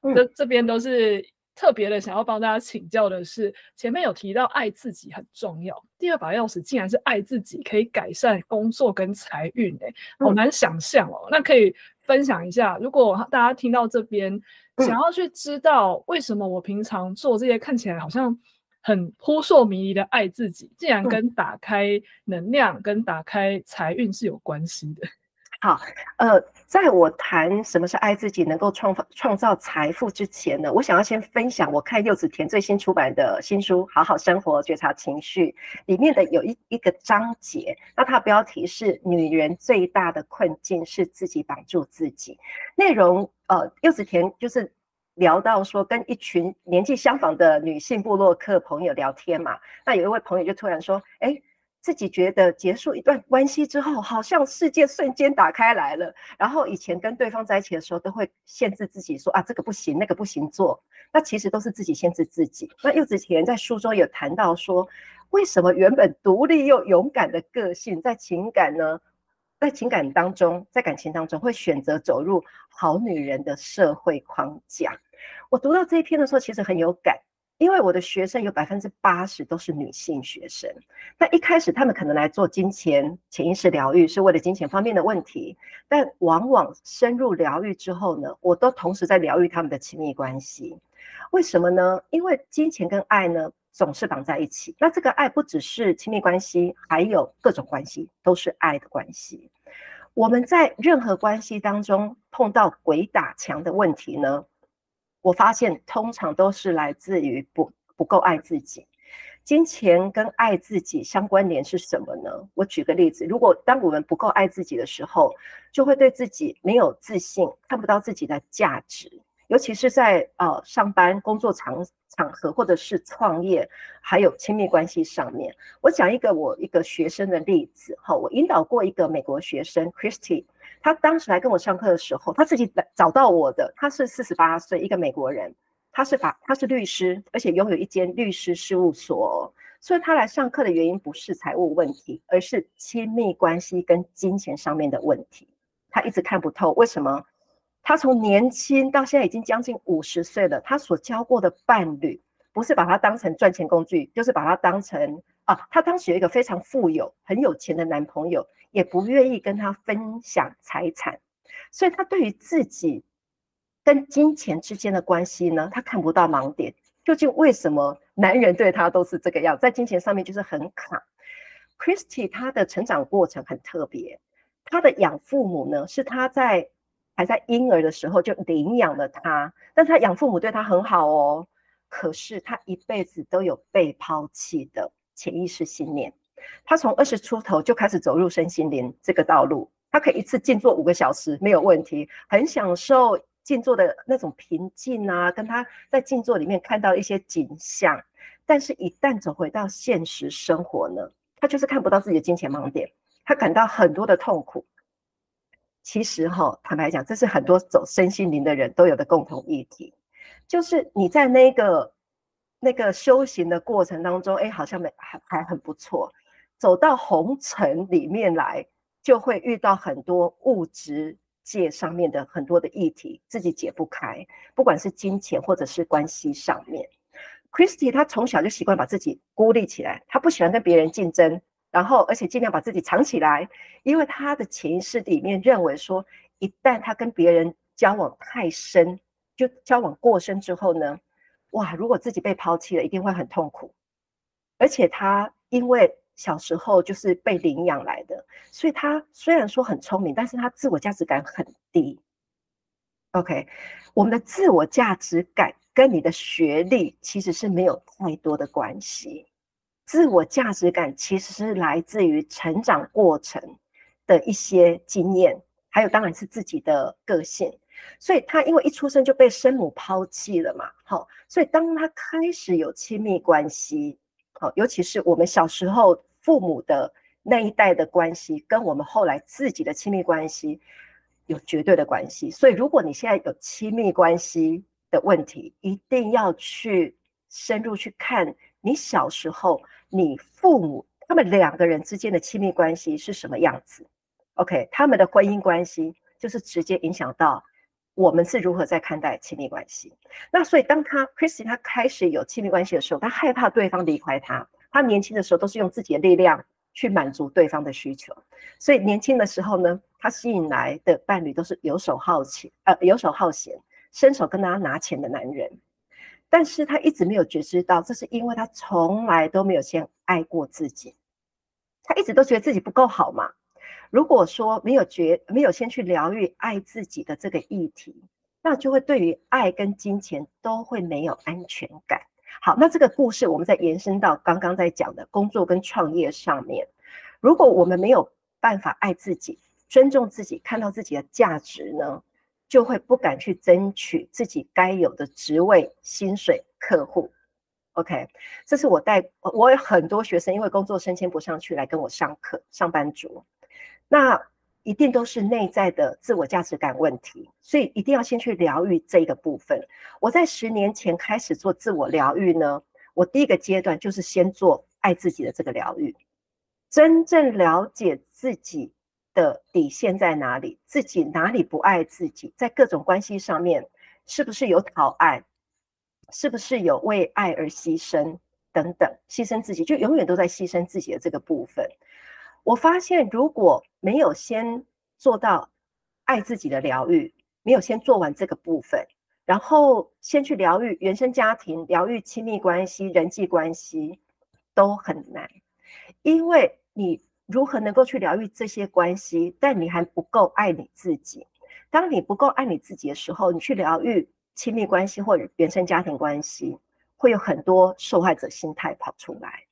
嗯、這這邊都是。特別的想要幫大家請教的是，前面有提到愛自己很重要，第二把鑰匙竟然是愛自己可以改善工作跟財運，哎，好難想象哦、喔。嗯，那可以分享一下，如果大家聽到這邊，想要去知道為什麼我平常做這些看起來好像很撲朔迷離的愛自己，竟然跟打開能量跟打開財運是有關係的。好，呃，在我談什麼是愛自己能夠創創造財富之前呢，我想要先分享我看柚子甜最新出版的新書《好好生活覺察情緒》裡面的有一一個章節，那它標題是“女人最大的困境是自己綁住自己”內。內容呃，柚子甜就是聊到說，跟一群年紀相仿的女性部落客朋友聊天嘛，那有一位朋友就突然說：“哎、欸。”自己覺得結束一段關係之後，好像世界瞬間打開來了。然後以前跟對方在一起的時候，都會限制自己說啊，這個不行，那個不行做。那其實都是自己限制自己。那又之前在書中有談到說，為什麼原本獨立又勇敢的個性，在情感呢，在情感當中，在感情當中會選擇走入好女人的社會框架？我讀到這一篇的時候，其實很有感。因為我的學生有百分之八十都是女性學生，那一開始他們可能來做金錢潛意識療癒，是為了金錢方面的問題，但往往深入療癒之後呢，我都同時在療癒他們的親密關係。為什麼呢？因為金錢跟愛呢，總是綁在一起。那這個愛不只是親密關係，還有各種關係都是愛的關係。我們在任何關係當中碰到鬼打牆的問題呢，我發現，通常都是來自於不不夠愛自己。金錢跟愛自己相關聯是什麼呢？我舉個例子，如果當我們不夠愛自己的時候，就會對自己沒有自信，看不到自己的價值，尤其是在呃上班工作場場合，或者是創業，還有親密關係上面。我講一個我一個學生的例子哈、哦，我引導過一個美國學生 Christy。他當時來跟我上課的時候，他自己來找到我的。他是四十八歲，一個美國人，他是法，他是律師，而且擁有一間律師事務所。所以他來上課的原因不是財務問題，而是親密關係跟金錢上面的問題。他一直看不透，為什麼？他從年輕到現在已經將近五十歲了，他所交過的伴侶，不是把他當成賺錢工具，就是把他當成。啊，她當時有一個非常富有、很有錢的男朋友，也不願意跟她分享財產，所以她對於自己跟金錢之間的關係呢，她看不到盲點。究竟為什麼男人對她都是這個樣？在金錢上面就是很卡。Christy 她的成長過程很特別，她的養父母呢是她在還在嬰兒的時候就領養了她，但她養父母對她很好哦，可是她一輩子都有被拋棄的。潛意識信念，他從二十出頭就開始走入身心靈這個道路，他可以一次靜坐五個小時沒有問題，很享受靜坐的那種平靜啊，跟他在靜坐裡面看到一些景象，但是一旦走回到現實生活呢，他就是看不到自己的金錢盲點，他感到很多的痛苦。其實哈、哦，坦白講，這是很多走身心靈的人都有的共同議題，就是你在那個。那個修行的過程當中，哎、欸，好像沒還還很不錯。走到紅塵裡面來，就會遇到很多物質界上面的很多的議題，自己解不開，不管是金錢或者是關係上面。Christie 他從小就習慣把自己孤立起來，他不喜歡跟別人競爭，然後而且盡量把自己藏起來，因為他的潛意識裡面認為說，一旦他跟別人交往太深，就交往過深之後呢？哇！如果自己被拋棄了，一定會很痛苦。而且他因為小時候就是被領養來的，所以他雖然說很聰明，但是他自我價值感很低。OK，我們的自我價值感跟你的學歷其實是沒有太多的關係。自我價值感其實是來自於成長過程的一些經驗，還有當然是自己的個性。所以他因為一出生就被生母拋棄了嘛，好、哦，所以當他開始有親密關係，好、哦，尤其是我們小時候父母的那一代的關係，跟我們後來自己的親密關係有絕對的關係。所以如果你現在有親密關係的問題，一定要去深入去看你小時候你父母他們兩個人之間的親密關係是什麼樣子。OK，他們的婚姻關係就是直接影響到。我們是如何在看待親密關係？那所以，當他 Christine 他開始有親密關係的時候，他害怕對方離開他。他年輕的時候都是用自己的力量去滿足對方的需求，所以年輕的時候呢，他吸引來的伴侶都是游手好閒，呃，游手好閒，伸手跟他拿錢的男人。但是他一直沒有覺知到，這是因為他從來都沒有先愛過自己，他一直都覺得自己不夠好嘛。如果說沒有覺，沒有先去療愈愛自己的這個議題，那就會對於愛跟金錢都會沒有安全感。好，那這個故事我們再延伸到剛剛在講的工作跟創業上面。如果我們沒有辦法愛自己、尊重自己、看到自己的價值呢，就會不敢去爭取自己該有的職位、薪水、客戶。OK，這是我帶我有很多學生，因為工作升遷不上去，來跟我上課，上班族。那一定都是內在的自我價值感問題，所以一定要先去療癒這個部分。我在十年前開始做自我療癒呢，我第一個階段就是先做愛自己的這個療癒，真正了解自己的底線在哪裡，自己哪裡不愛自己，在各種關係上面是不是有討愛，是不是有為愛而犧牲等等，犧牲自己就永遠都在犧牲自己的這個部分。我發現，如果沒有先做到愛自己的療癒，沒有先做完這個部分，然後先去療癒原生家庭、療癒親密關係、人際關係，都很難。因為你如何能夠去療癒這些關係？但你還不夠愛你自己。當你不夠愛你自己的時候，你去療癒親密關係或者原生家庭關係，會有很多受害者心態跑出來。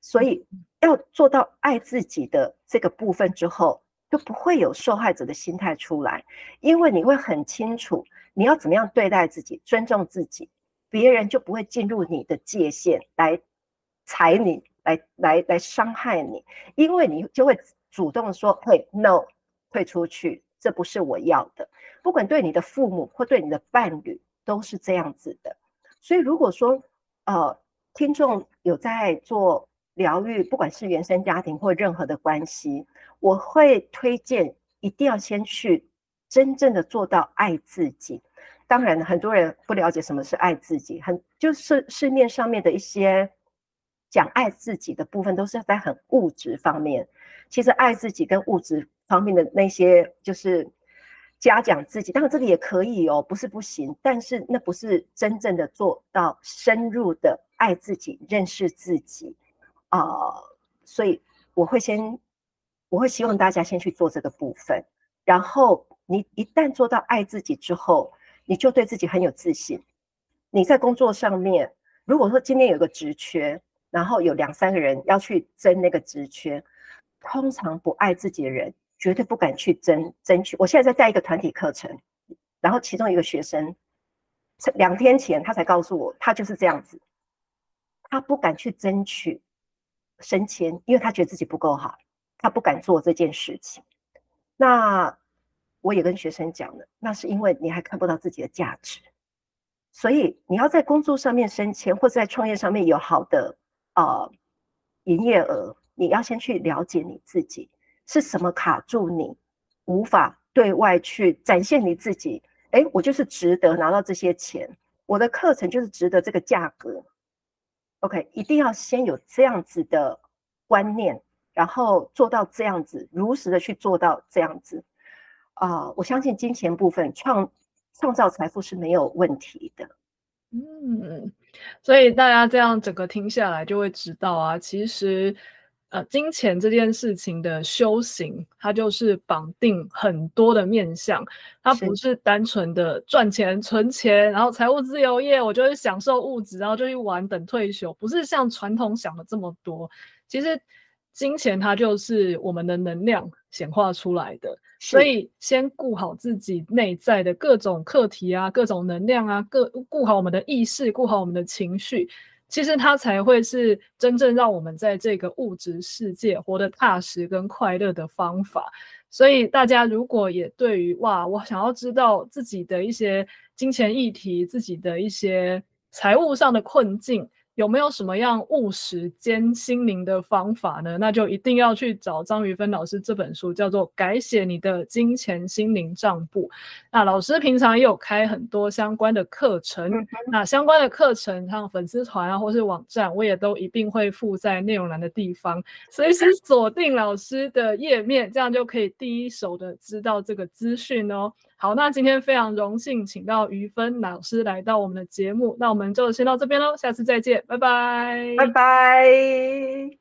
所以。要做到愛自己的這個部分之後，就不會有受害者的心態出來，因為你會很清楚你要怎麼樣對待自己，尊重自己，別人就不會進入你的界限來踩你，來來來傷害你，因為你就會主動說：“嘿，no，退出去，這不是我要的。”不管對你的父母或對你的伴侶都是這樣子的。所以，如果說呃，聽眾有在做。療癒，不管是原生家庭或任何的關係，我會推薦一定要先去真正的做到愛自己。當然，很多人不了解什麼是愛自己，很就是市面上面的一些講愛自己的部分，都是在很物質方面。其實愛自己跟物質方面的那些，就是嘉獎自己，當然這個也可以哦，不是不行，但是那不是真正的做到深入的愛自己、認識自己。啊，uh, 所以我會先，我會希望大家先去做這個部分。然後你一旦做到愛自己之後，你就對自己很有自信。你在工作上面，如果說今天有個職缺，然後有兩三個人要去爭那個職缺，通常不愛自己的人絕對不敢去爭爭取。我現在在帶一個團體課程，然後其中一個學生，兩天前他才告訴我，他就是這樣子，他不敢去爭取。升遷，因為他覺得自己不夠好，他不敢做這件事情。那我也跟學生講了，那是因為你還看不到自己的價值，所以你要在工作上面升遷，或是在創業上面有好的呃營業額，你要先去了解你自己是什麼卡住你，無法對外去展現你自己。哎，我就是值得拿到這些錢，我的課程就是值得這個價格。OK，一定要先有這樣子的觀念，然後做到這樣子，如實的去做到這樣子。啊、呃，我相信金錢部分創創造財富是沒有問題的。嗯，所以大家這樣整個聽下來，就會知道啊，其實。呃，金錢這件事情的修行，它就是綁定很多的面向，它不是單純的賺錢、存錢，是然後財務自由業，我就是享受物質，然後就去玩，等退休，不是像傳統想的這麼多。其實，金錢它就是我們的能量顯化出來的，是所以先顧好自己內在的各種課題啊，各種能量啊，各顧好我們的意識，顧好我們的情緒。其實它才會是真正讓我們在這個物質世界活得踏實跟快樂的方法。所以大家如果也對於，哇，我想要知道自己的一些金錢議題，自己的一些財務上的困境，有沒有什麼樣務實兼心靈的方法呢？那就一定要去找張瑜芬老師這本書，叫做《改寫你的金錢心靈賬簿》。那老師平常也有開很多相關的課程，嗯、哼那相關的課程像粉絲團啊，或是網站，我也都一定會附在內容欄的地方，隨時鎖定老師的頁面，這樣就可以第一手的知道這個資訊哦。好，那今天非常榮幸，請到瑜芬老師來到我們的節目。那我們就先到這邊嘍，下次再見，拜拜，拜拜。